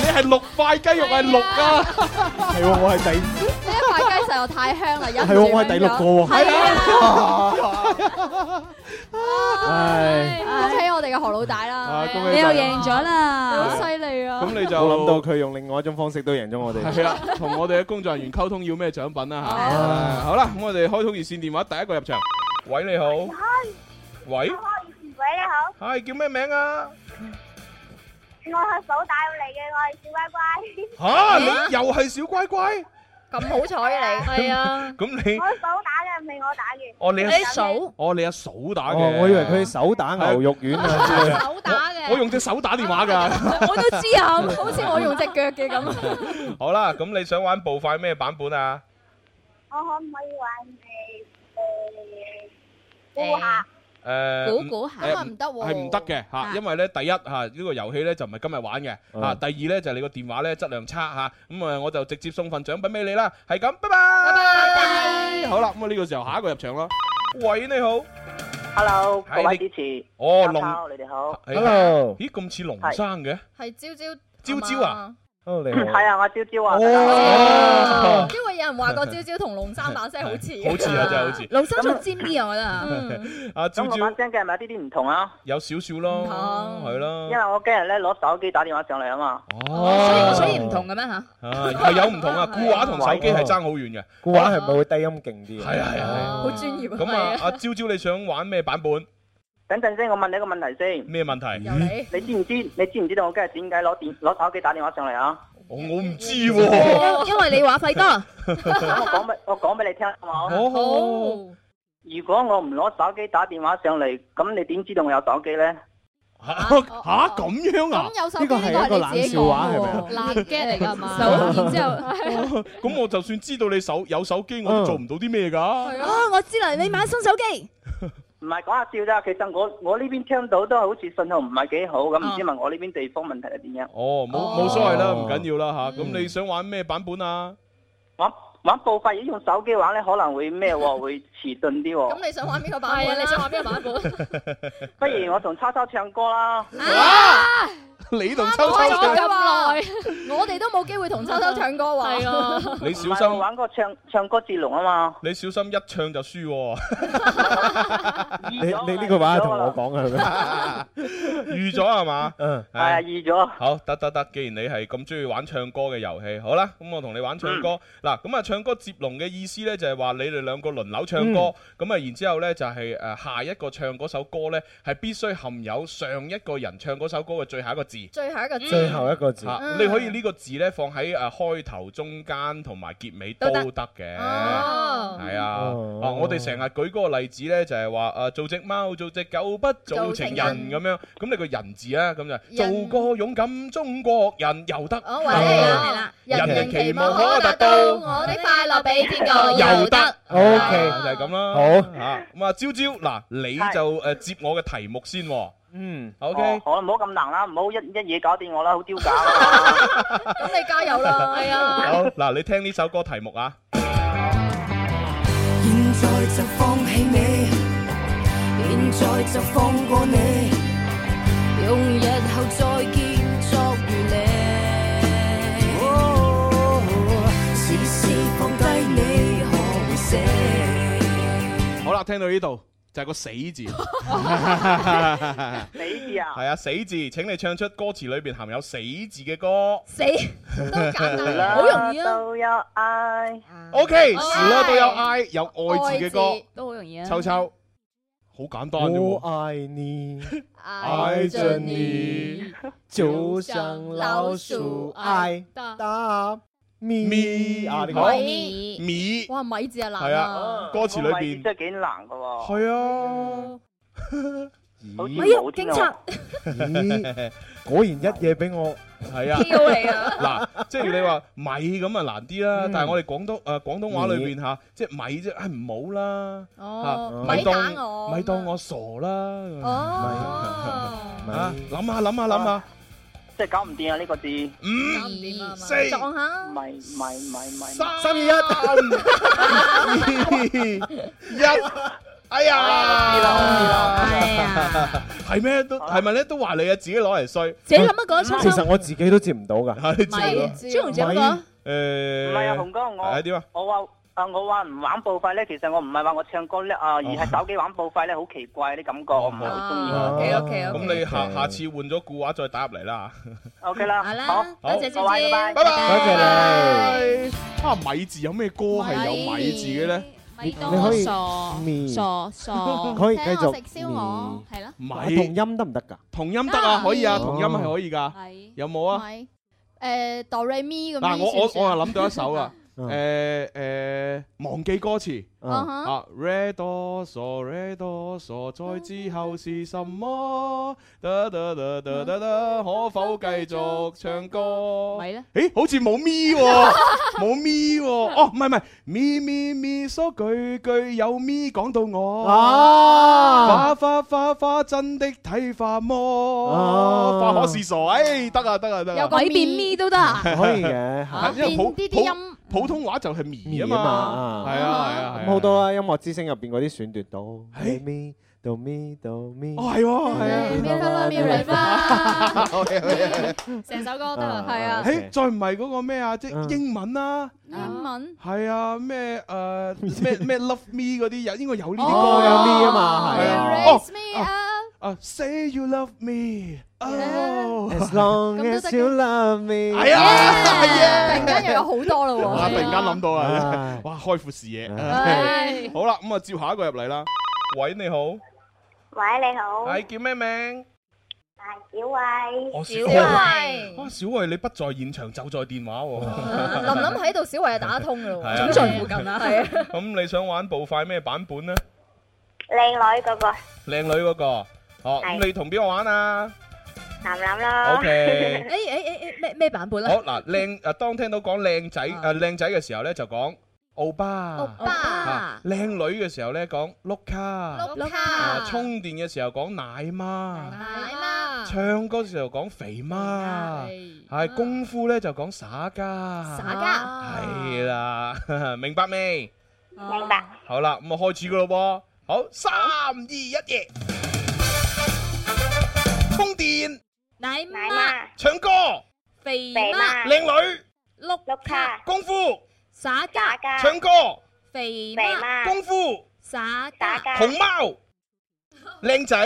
你係六塊雞肉係六啊，係喎，我係第，呢一塊雞實在太香啦，係喎，我係第六個喎。係啊，恭喜我哋嘅何老大啦，你又贏咗啦，好犀利啊！咁你就冇諗到佢用另外一種方式都贏咗我哋，係啦，同我哋嘅工作人員溝通要咩獎品啊嚇，好啦，咁我哋開通熱線電話，第一個入場。喂你好，喂，喂你好，係叫咩名啊？我係手打嚟嘅。我係小乖乖。吓，你又係小乖乖？咁好彩你係啊。咁你我手打嘅，唔係我打嘅。哦，你嫂，哦，你阿嫂打嘅。我以為佢手打牛肉丸啊。手打嘅。我用隻手打電話噶。我都知啊，好似我用隻腳嘅咁。好啦，咁你想玩暴塊咩版本啊？我可唔可以玩？誒。誒，估估下嘛，唔得喎，係唔得嘅，吓，因為咧第一吓，呢個遊戲咧就唔係今日玩嘅，吓，第二咧就你個電話咧質量差吓，咁，啊我就直接送份獎品俾你啦，係咁，拜拜，拜拜！好啦，咁，啊呢個時候下一個入場咯。喂，你好，Hello，各位支持，哦，龍，你哋好，Hello，咦，咁似龍生嘅，係朝朝，朝朝啊。係啊，我朝朝啊，因為有人話個朝朝同龍三把聲好似，好似啊真係好似。龍三都尖啲，我覺得。阿朝朝把聲嘅係咪有啲啲唔同啊？有少少咯，係咯。因為我今日咧攞手機打電話上嚟啊嘛，所以所以唔同嘅咩吓？係有唔同啊，固話同手機係爭好遠嘅。固話係咪會低音勁啲？係啊係啊係。好專業。咁啊，阿朝朝你想玩咩版本？等陣先，我問你一個問題先。咩問題？你你知唔知？你知唔知道我今日點解攞電攞手機打電話上嚟啊？我我唔知喎。因為你話費多。咁我講乜？我講俾你聽好唔好？好好。如果我唔攞手機打電話上嚟，咁你點知道我有手機咧？吓吓咁樣啊？咁有手機呢個係個冷笑話係咪啊？爛機嚟噶嘛？然之後咁我就算知道你手有手機，我都做唔到啲咩噶。啊，我知啦，你買新手機。唔係講下笑咋，其實我我呢邊聽到都好似信號唔係幾好咁，唔、啊、知問我呢邊地方問題係點樣？哦，冇冇所謂、哦、啦，唔緊要啦嚇。咁你想玩咩版本啊？玩玩暴發已用手機玩咧，可能會咩喎？會遲鈍啲喎。咁 你想玩邊個版本？啊，你想玩邊個版本？不如我同叉叉唱歌啦。啊啊你同秋秋咁耐，我哋都冇機會同秋秋唱歌，係啊！你小心玩過唱唱歌接龍啊嘛！你小心一唱就輸。你你呢句話同我講嘅係預咗係嘛？嗯，係啊預咗。好，得得得，既然你係咁中意玩唱歌嘅遊戲，好啦，咁我同你玩唱歌。嗱，咁啊，唱歌接龍嘅意思呢，就係話你哋兩個輪流唱歌，咁啊，然之後咧，就係誒，下一個唱嗰首歌呢，係必須含有上一個人唱嗰首歌嘅最後一個字。最後一個字，你可以呢個字咧放喺啊開頭、中間同埋結尾都得嘅，係啊，我哋成日舉嗰個例子咧，就係話啊做隻貓、做隻狗不做情人咁樣，咁你個人字咧，咁就做個勇敢中國人又得，好，或者又嚟啦，人人期望可達到我的快樂比天高，又得，O K 就係咁啦，好吓，咁啊，朝朝，嗱你就誒接我嘅題目先。嗯，OK，好啦，唔好咁難啦，唔好一一嘢搞掂我啦，好丟架，咁你加油啦，係啊，好，嗱，你聽呢首歌題目啊，現在就放棄你，現在就放過你，用日後再見作原諒，試試放低你可會死？好啦，聽到呢度。就係個死字，死字啊！係啊，死字，請你唱出歌詞裏邊含有死字嘅歌。死，好簡單，好容易啊！O K，時時刻都有愛，有愛字嘅歌都好容易啊！秋秋，好簡單，我愛你，愛着你，就像老鼠愛大咪啊，你講，米哇，米字啊，係難啊，歌詞裏邊真係幾難噶喎，係啊，咦，警察，果然一嘢俾我係啊，你啊，嗱，即係你話米咁啊難啲啦，但係我哋廣東誒廣東話裏邊吓，即係米啫，唉唔好啦，吓，咪我，咪當我傻啦，哦，吓，諗下諗下諗下。即係搞唔掂啊！呢個字，五二四，撞下，唔唔咪唔咪，三二一，一，哎呀，係咩都係咪咧？都話你啊，自己攞嚟衰，自己諗乜講出？其實我自己都接唔到噶，朱紅姐嗰個，誒，唔係啊，紅哥我，我話。啊！我話唔玩暴塊咧，其實我唔係話我唱歌叻啊，而係手機玩暴塊咧，好奇怪啲感覺，我唔係好中意。OK OK OK。咁你下下次換咗固話再打入嚟啦。OK 啦，好，多謝先，拜拜，多謝你。啊，米字有咩歌係有米字嘅咧？米多，傻傻傻，可以繼續食燒鵝，係咯，唔係。同音得唔得㗎？同音得啊，可以啊。同音係可以㗎？有冇啊？哆唻咪。嗱，我我我又諗到一首啊。誒誒、uh huh. 呃呃，忘記歌詞。啊！read 多傻，read 多傻，再之後是什麼？得得得得得得，可否繼續唱歌？係咧？誒，好似冇咪喎，冇咪喎。哦，唔係唔係，咪咪咪，說句句有咪講到我。啊，花花花花真的睇化魔。哦，花可是傻。誒，得啊，得啊，得啊。有個變咪都得。可以嘅，因為普啲啲音。普通話就係咪啊嘛，係啊係啊係啊。好多啊！音樂之聲入邊嗰啲選段都係咪到咪到咪。哦，係喎，係啊 Love me love me love me 啊！成首歌都係啊！誒再唔係嗰個咩啊？即係英文啊？英文係啊咩？誒咩咩 Love me 嗰啲有，應該有呢啲歌有 Me 啊嘛，係啊 e Me 啊。啊，Say you love me，Oh，as long as you love me。係啊，係啊，突然間又有好多啦喎。哇，突然間諗到啊，哇，開闊視野。好啦，咁啊，接下一個入嚟啦。喂，你好。喂，你好。喂，叫咩名？小慧，小慧。啊，小慧，你不在現場，就在電話。林林喺度，小慧又打得通噶喎。咁在附近啊？係。咁你想玩步快咩版本呢？靚女嗰個。靚女嗰個。哦，咁你同邊個玩啊？男男啦。O K。誒誒誒誒，咩咩版本啦？好嗱，靚誒，當聽到講靚仔誒靚仔嘅時候咧，就講歐巴。歐巴。啊，靚女嘅時候咧，講碌卡。碌卡。啊，充電嘅時候講奶媽。奶媽。唱歌嘅時候講肥媽。肥。係功夫咧就講耍家。耍家。係啦，明白未？明白。好啦，咁啊開始噶咯噃。好，三二一，耶！充電，奶媽，唱歌，肥媽，靚女，碌卡，功夫，耍家，唱歌，肥媽，功夫，耍家，熊貓，靚仔，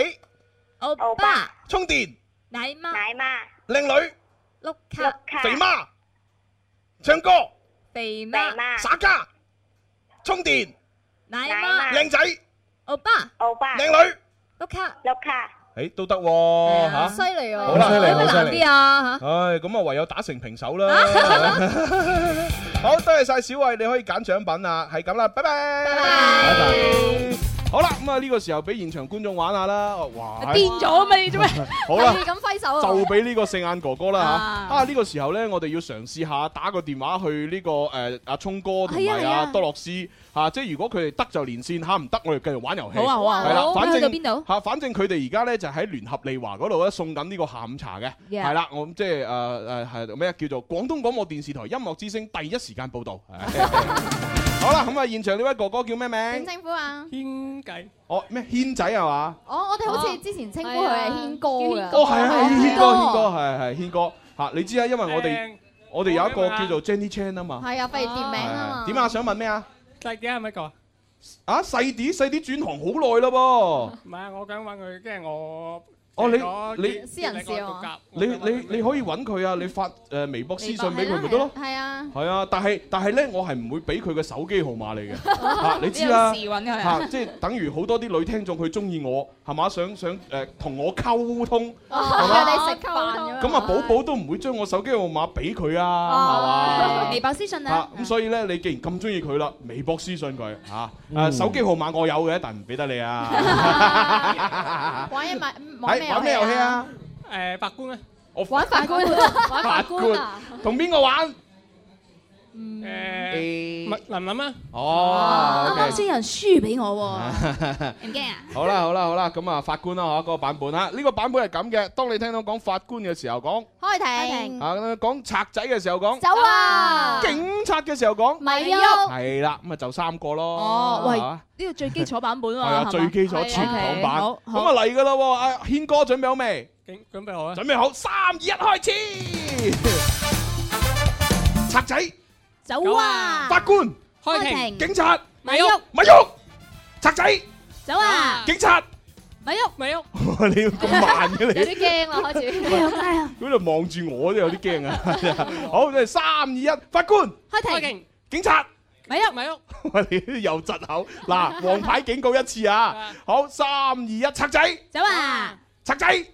歐巴，充電，奶媽，奶媽，靚女，碌卡，肥媽，唱歌，肥媽，耍家，充電，奶媽，靚仔，歐巴，歐巴，靚女，碌卡，碌卡。誒，都得吓，犀利喎！好啦，有冇難啲啊？吓，唉，咁啊，唯有打成平手啦。好，多謝晒小慧，你可以揀獎品啦。係咁啦，拜拜，拜拜，好啦。咁啊，呢個時候俾現場觀眾玩下啦。哇，變咗味！做咩？好啦，咁揮手，就俾呢個四眼哥哥啦吓。啊，呢個時候咧，我哋要嘗試下打個電話去呢個誒阿聰哥同埋阿多樂斯。嚇！即係如果佢哋得就連線，得唔得？我哋繼續玩遊戲。好啊，哇！好去到邊度？嚇！反正佢哋而家咧就喺聯合利華嗰度咧送緊呢個下午茶嘅。係啦，我即係誒誒係咩叫做廣東廣播電視台音樂之聲第一時間報導。好啦，咁啊，現場呢位哥哥叫咩名？點稱呼啊？軒仔，哦，咩軒仔係嘛？哦，我哋好似之前稱呼佢係軒哥嘅。哦，係啊，軒哥，軒哥，係係軒哥嚇。你知啊，因為我哋我哋有一個叫做 Jenny Chan 啊嘛。係啊，不如點名啊？點啊？想問咩啊？細啲係咪咁啊？啊，細啲細啲轉行好耐啦噃。唔係，啊，我想揾佢，即係我。哦，你你私人事你你你可以揾佢啊，你發誒微博私信俾佢咪得咯。係啊，係啊，但係但係咧，我係唔會俾佢嘅手機號碼嚟嘅，嚇你知啦，嚇即係等於好多啲女聽眾佢中意我係嘛，想想誒同我溝通，咁啊，寶寶都唔會將我手機號碼俾佢啊，係嘛？微博私信啊。咁所以咧，你既然咁中意佢啦，微博私信佢嚇，誒手機號碼我有嘅，但唔俾得你啊，玩一咪，玩咩遊戲啊？誒、啊欸，法官咧、啊，我、oh, 玩法官、啊， 法官同邊個玩？ 誒，林林啊！哦，啱啱先有人輸俾我，唔驚啊！好啦好啦好啦，咁啊法官啦嗬，嗰個版本啊，呢個版本係咁嘅。當你聽到講法官嘅時候講開庭，啊講賊仔嘅時候講走啊，警察嘅時候講咪郁，係啦，咁啊就三個咯。哦，喂，呢個最基礎版本喎，係啊最基礎傳統版，咁啊嚟噶啦。阿軒哥準備好未？準備好啊！準備好，三二一，開始，賊仔。走啊！法官開庭，警察咪喐咪喐，賊仔走啊！警察咪喐咪喐，你要咁慢嘅？你有啲驚啊，開始，係啊，度望住我都有啲驚啊！好，你係三二一，法官開庭，警察咪喐咪喐，你哋又窒口，嗱，黃牌警告一次啊！好，三二一，賊仔走啊！賊仔。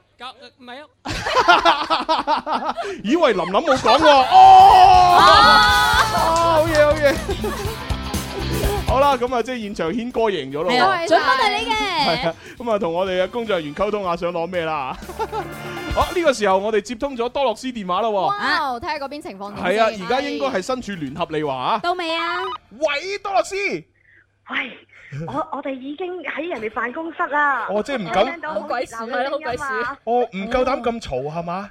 唔係啊！以為琳琳冇講喎，哦，好嘢好嘢，好啦，咁啊，即係現場軒哥贏咗咯，準備你嘅，係啊， 咁啊，同我哋嘅工作人員溝通下想，想攞咩啦？好，呢個時候，我哋接通咗多洛斯電話啦。哇，睇下嗰邊情況，係啊，而家應該係身處聯合利華啊。到未啊？喂，多洛斯，喂。我我哋已經喺人哋辦公室啦。哦，即係唔敢，好鬼事啊！好鬼事啊！我唔夠膽咁嘈係嘛？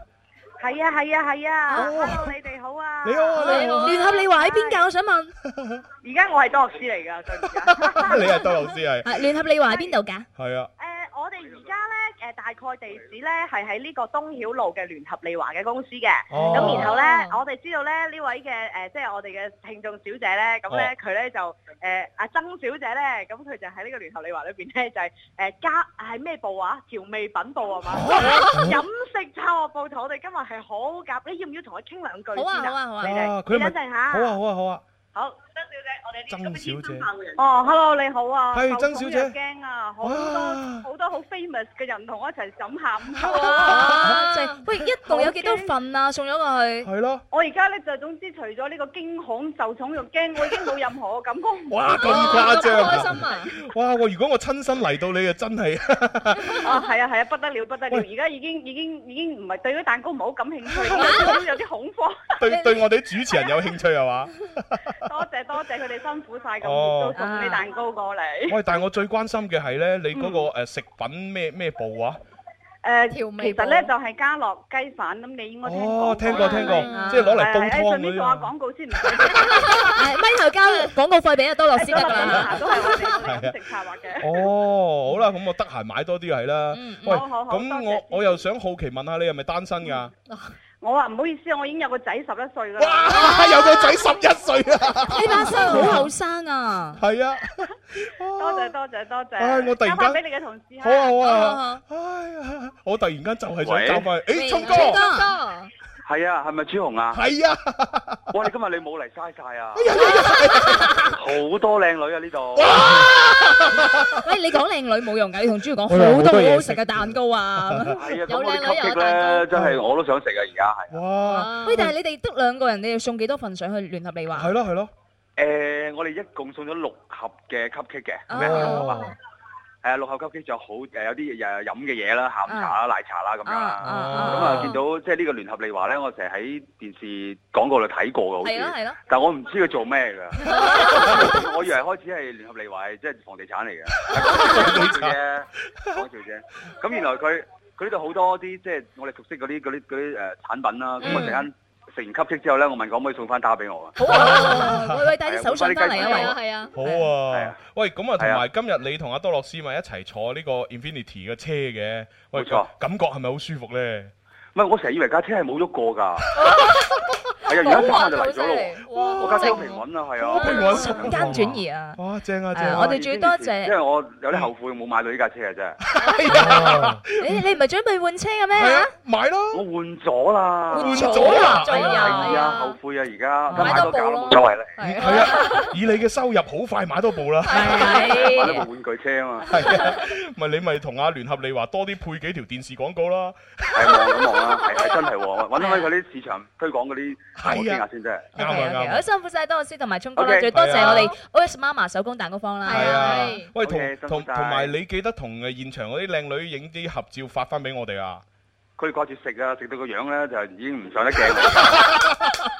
係啊係啊係啊！你好，你哋好啊！你好啊，你好！聯合利華喺邊噶？我想問。而家我係當老師嚟噶，真噶。你係當老師係。聯合利華喺邊度噶？係啊。誒，我哋而家咧。誒，大概地址咧係喺呢個東曉路嘅聯合利華嘅公司嘅，咁、哦、然後咧、哦、我哋知道咧呢位嘅誒，即、呃、係、就是、我哋嘅聽眾小姐咧，咁咧佢咧就誒阿、呃、曾小姐咧，咁佢就喺呢個聯合利華裏邊咧就係、是、誒、呃、加係咩部啊？調味品部啊嘛，飲、哦、食炒我部同我哋今日係好夾，你要唔要同佢傾兩句先？好啊好啊好啊，佢等陣吓，好啊好啊好啊，好啊。好啊們曾小姐，哦，Hello，你好啊。係曾小姐。驚啊，好多好多好 famous 嘅人同我一齊抌下，喂，一共有幾多份啊？送咗過去。係咯。我而家咧就總之除咗呢個驚恐受寵又驚，我已經冇任何嘅感覺。哇，咁誇張開心啊！哇，如果我親身嚟到你啊，真係。啊，係啊，係啊，不得了，不得了！而家已經，已經，已經唔係對啲蛋糕唔係好感興趣，有啲恐慌。對，對我哋主持人有興趣係嘛？多謝。多謝佢哋辛苦晒咁多送啲蛋糕過嚟。喂，但係我最關心嘅係咧，你嗰個誒食品咩咩部啊？誒，調味。其實咧就係家樂雞粉，咁你應該聽過。哦，聽過聽過，即係攞嚟煲湯嗰啲啊。係，順便做下廣告先。咪頭交廣告費俾阿多樂先得啦。係啊。哦，好啦，咁我得閒買多啲係啦。嗯。喂，咁我我又想好奇問下，你係咪單身噶？我話唔好意思啊，我已經有個仔十一歲啦。哇，有個仔十一歲啊！呢把聲好後生啊。係啊，多謝多謝多謝。唉，我突然間。交返俾你嘅同事。好啊好啊。唉我突然間就係想交翻。誒，聰哥。係啊，係咪朱紅啊？係啊，哇！你今日你冇嚟嘥曬啊！好多靚女啊呢度！喂，你講靚女冇用嘅，你同朱耀講好多好好食嘅蛋糕啊！有靚女有蛋糕，真係我都想食啊！而家係哇！喂，但係你哋得兩個人，你要送幾多份上去聯合利華？係咯係咯。誒，我哋一共送咗六盒嘅 cupcake 嘅。咩。誒六口級機仲有好誒有啲誒飲嘅嘢啦，下午茶啦、奶茶啦咁樣啦，咁啊見到即係呢個聯合利華咧，我成日喺電視廣告度睇過嘅，好似係咯，但係我唔知佢做咩㗎，我以為開始係聯合利華即係房地產嚟嘅，講笑啫，講笑啫，咁原來佢佢呢度好多啲即係我哋熟悉嗰啲啲啲誒產品啦，咁我陣間。食完吸色之後咧，我問可唔可以送翻打俾我啊？好啊，喂喂，帶啲手信翻嚟啊！係啊係啊，好啊，喂，咁啊同埋今日你同阿多洛斯咪一齊坐呢個 Infinity 嘅車嘅？喂，冇錯，感覺係咪好舒服咧？唔係，我成日以為架車係冇喐過㗎。我而家翻就嚟咗咯，我架車平穩啊，係啊，平穩瞬間轉移啊，哇，正啊，正！我哋仲要多謝因為我有啲後悔，冇買到呢架車嘅啫。你你唔係準備換車嘅咩？買咯，我換咗啦，換咗啦，係啊，後悔啊，而家買多部，夠係啦，係啊，以你嘅收入，好快買多部啦，買多部玩具車啊嘛，咪你咪同阿聯合利華多啲配幾條電視廣告啦，係望咁望啊，係真係旺，揾唔揾嗰啲市場推廣嗰啲。係啊 ，O.K. O.K. 好、okay, 辛苦晒多老師同埋聰哥啦，Okay. 最多謝我哋 OS Mama 手工蛋糕坊啦。係啊，喂，同同同埋你記得同嘅現場嗰啲靚女影啲合照發翻俾我哋啊！佢掛住食啊，食到個樣咧就已經唔上得鏡。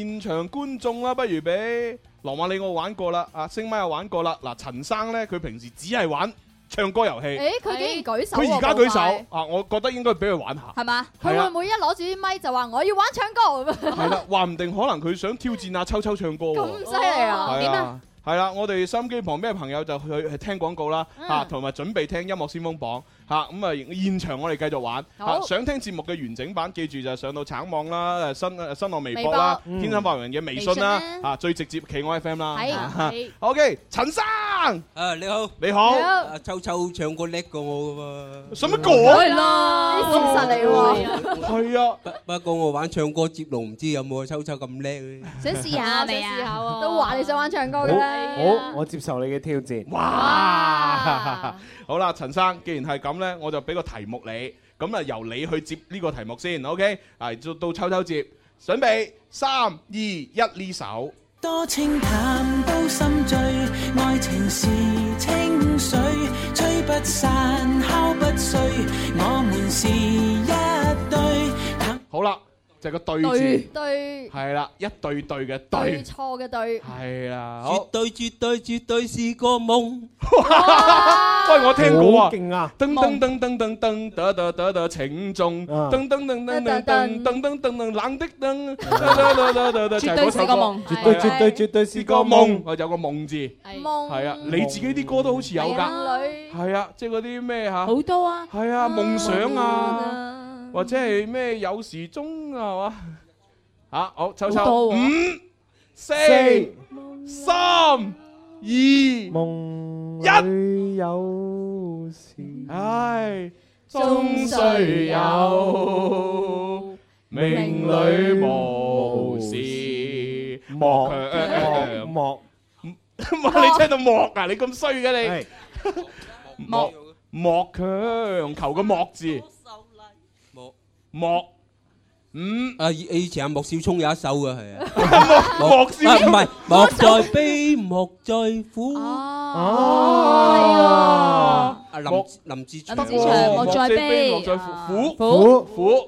現場觀眾啦、啊，不如俾羅馬里我玩過啦，啊星媽又玩過啦，嗱、啊、陳生咧，佢平時只係玩唱歌遊戲，誒佢、欸、竟然舉手、啊，佢而家舉手快啊，我覺得應該俾佢玩下，係嘛，佢會唔會一攞住啲咪就話我要玩唱歌咁啊？話唔 定可能佢想挑戰阿秋秋唱歌，咁犀利啊？點的啊？係啦，我哋收音機旁邊嘅朋友就去聽廣告啦，嗯、啊同埋準備聽音樂先鋒榜。啊，咁啊，現場我哋繼續玩。好，想聽節目嘅完整版，記住就上到橙網啦，新新浪微博啦，天生快活人嘅微信啦，啊，最直接企愛 FM 啦。係，OK，陳生，誒你好，你好，你好。啊，秋秋唱歌叻過我噶噃，使乜講咯？事實嚟喎。係啊，不過我玩唱歌接龍，唔知有冇秋秋咁叻咧。想試下，你試下咪啊，都話你想玩唱歌㗎啦。好，我接受你嘅挑戰。哇！好啦，陳生，既然係咁呢，我就俾個題目你，咁啊由你去接呢個題目先，OK？啊，到到抽抽節，準備三二一呢首《多清淡都心醉》，愛情是清水，吹不散，敲不碎，我們是一對。好啦。就係個對字，對係啦，一對對嘅對，錯嘅對，係啊，絕對絕對絕對是個夢。喂，我聽過啊，勁啊，噔噔噔噔噔噔噔噔噔，沉重，噔噔噔噔噔噔噔噔噔，冷的噔，絕對是個夢，絕對絕對絕對是個夢。我有個夢字，係啊，你自己啲歌都好似有㗎，係啊，即係嗰啲咩嚇，好多啊，係啊，夢想啊。或者係咩有時鐘啊？係嘛？吓，好，抽抽五、四、三、二、一。夢裏有時唉，終須有；命裏無時，莫莫莫。你聽到莫啊？你咁衰嘅你？莫莫強求個莫字。莫嗯，啊，以以前阿莫少聰有一首嘅，係啊，莫莫少聰，唔係莫在悲莫在苦。哦，係啊，啊林林志林志祥，莫在悲莫在苦苦苦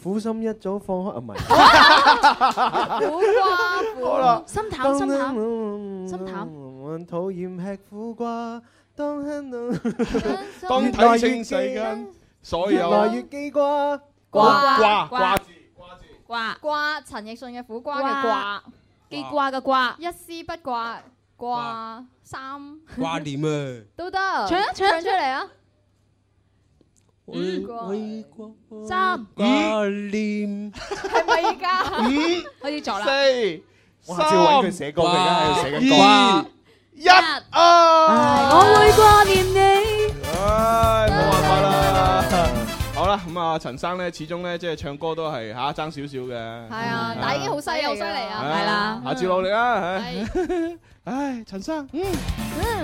苦心一早放開，啊唔係苦瓜，心淡心淡心淡，我討厭吃苦瓜，當看當睇清世間。所以啊，月季瓜，瓜瓜字，瓜字，瓜瓜，陳奕迅嘅苦瓜嘅瓜，記掛嘅掛，一絲不掛，掛三，掛念啊，都得，唱一唱出嚟啊，會掛念，係咪而家？嗯，開始做啦，四三二一，我會掛念你，唉，冇啊。啊，陳生咧，始終咧即係唱歌都係嚇爭少少嘅，係啊，但係已經好犀好犀利啊，係啦，下次努力啦，係。唉，陳生，嗯、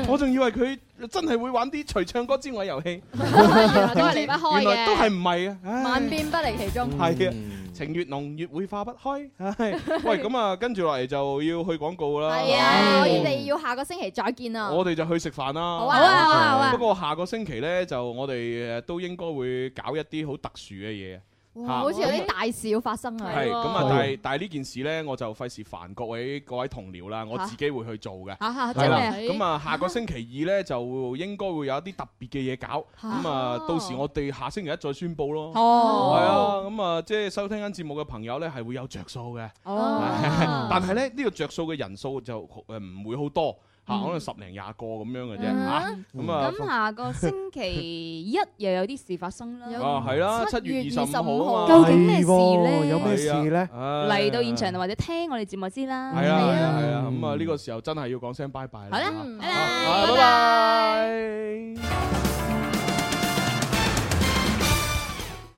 我仲以為佢真係會玩啲除唱歌之外遊戲，都係離不開嘅，都係唔係啊，萬變不離其中，係啊、嗯，情越濃越會化不開。唉， 喂，咁啊，跟住落嚟就要去廣告啦，係啊的，哎、呀我哋要下個星期再見啊，我哋就去食飯啦，好啊，好啊，不過下個星期咧就我哋誒都應該會搞一啲好特殊嘅嘢。好似有啲大事要發生啊，係咁啊！但係但係呢件事咧，我就費事煩各位各位同僚啦，啊、我自己會去做嘅。嚇嚇，即咁啊，啊啊啊啊下個星期二咧，就應該會有一啲特別嘅嘢搞。咁啊，到時我哋下星期一再宣佈咯。哦，係啊，咁啊，即、嗯、係、啊就係、收聽緊節目嘅朋友咧，係會有着數嘅。哦、啊，但係咧，呢、呢個着數嘅人數就誒唔會好多。嚇，可能十零廿個咁樣嘅啫嚇，咁啊，咁下個星期一又有啲事發生啦。啊，係啦，七月二十五號究竟咩事咧？有咩事咧？嚟到現場或者聽我哋節目先啦。係啊，係啊，咁啊，呢個時候真係要講聲拜拜啦。好啦，拜拜。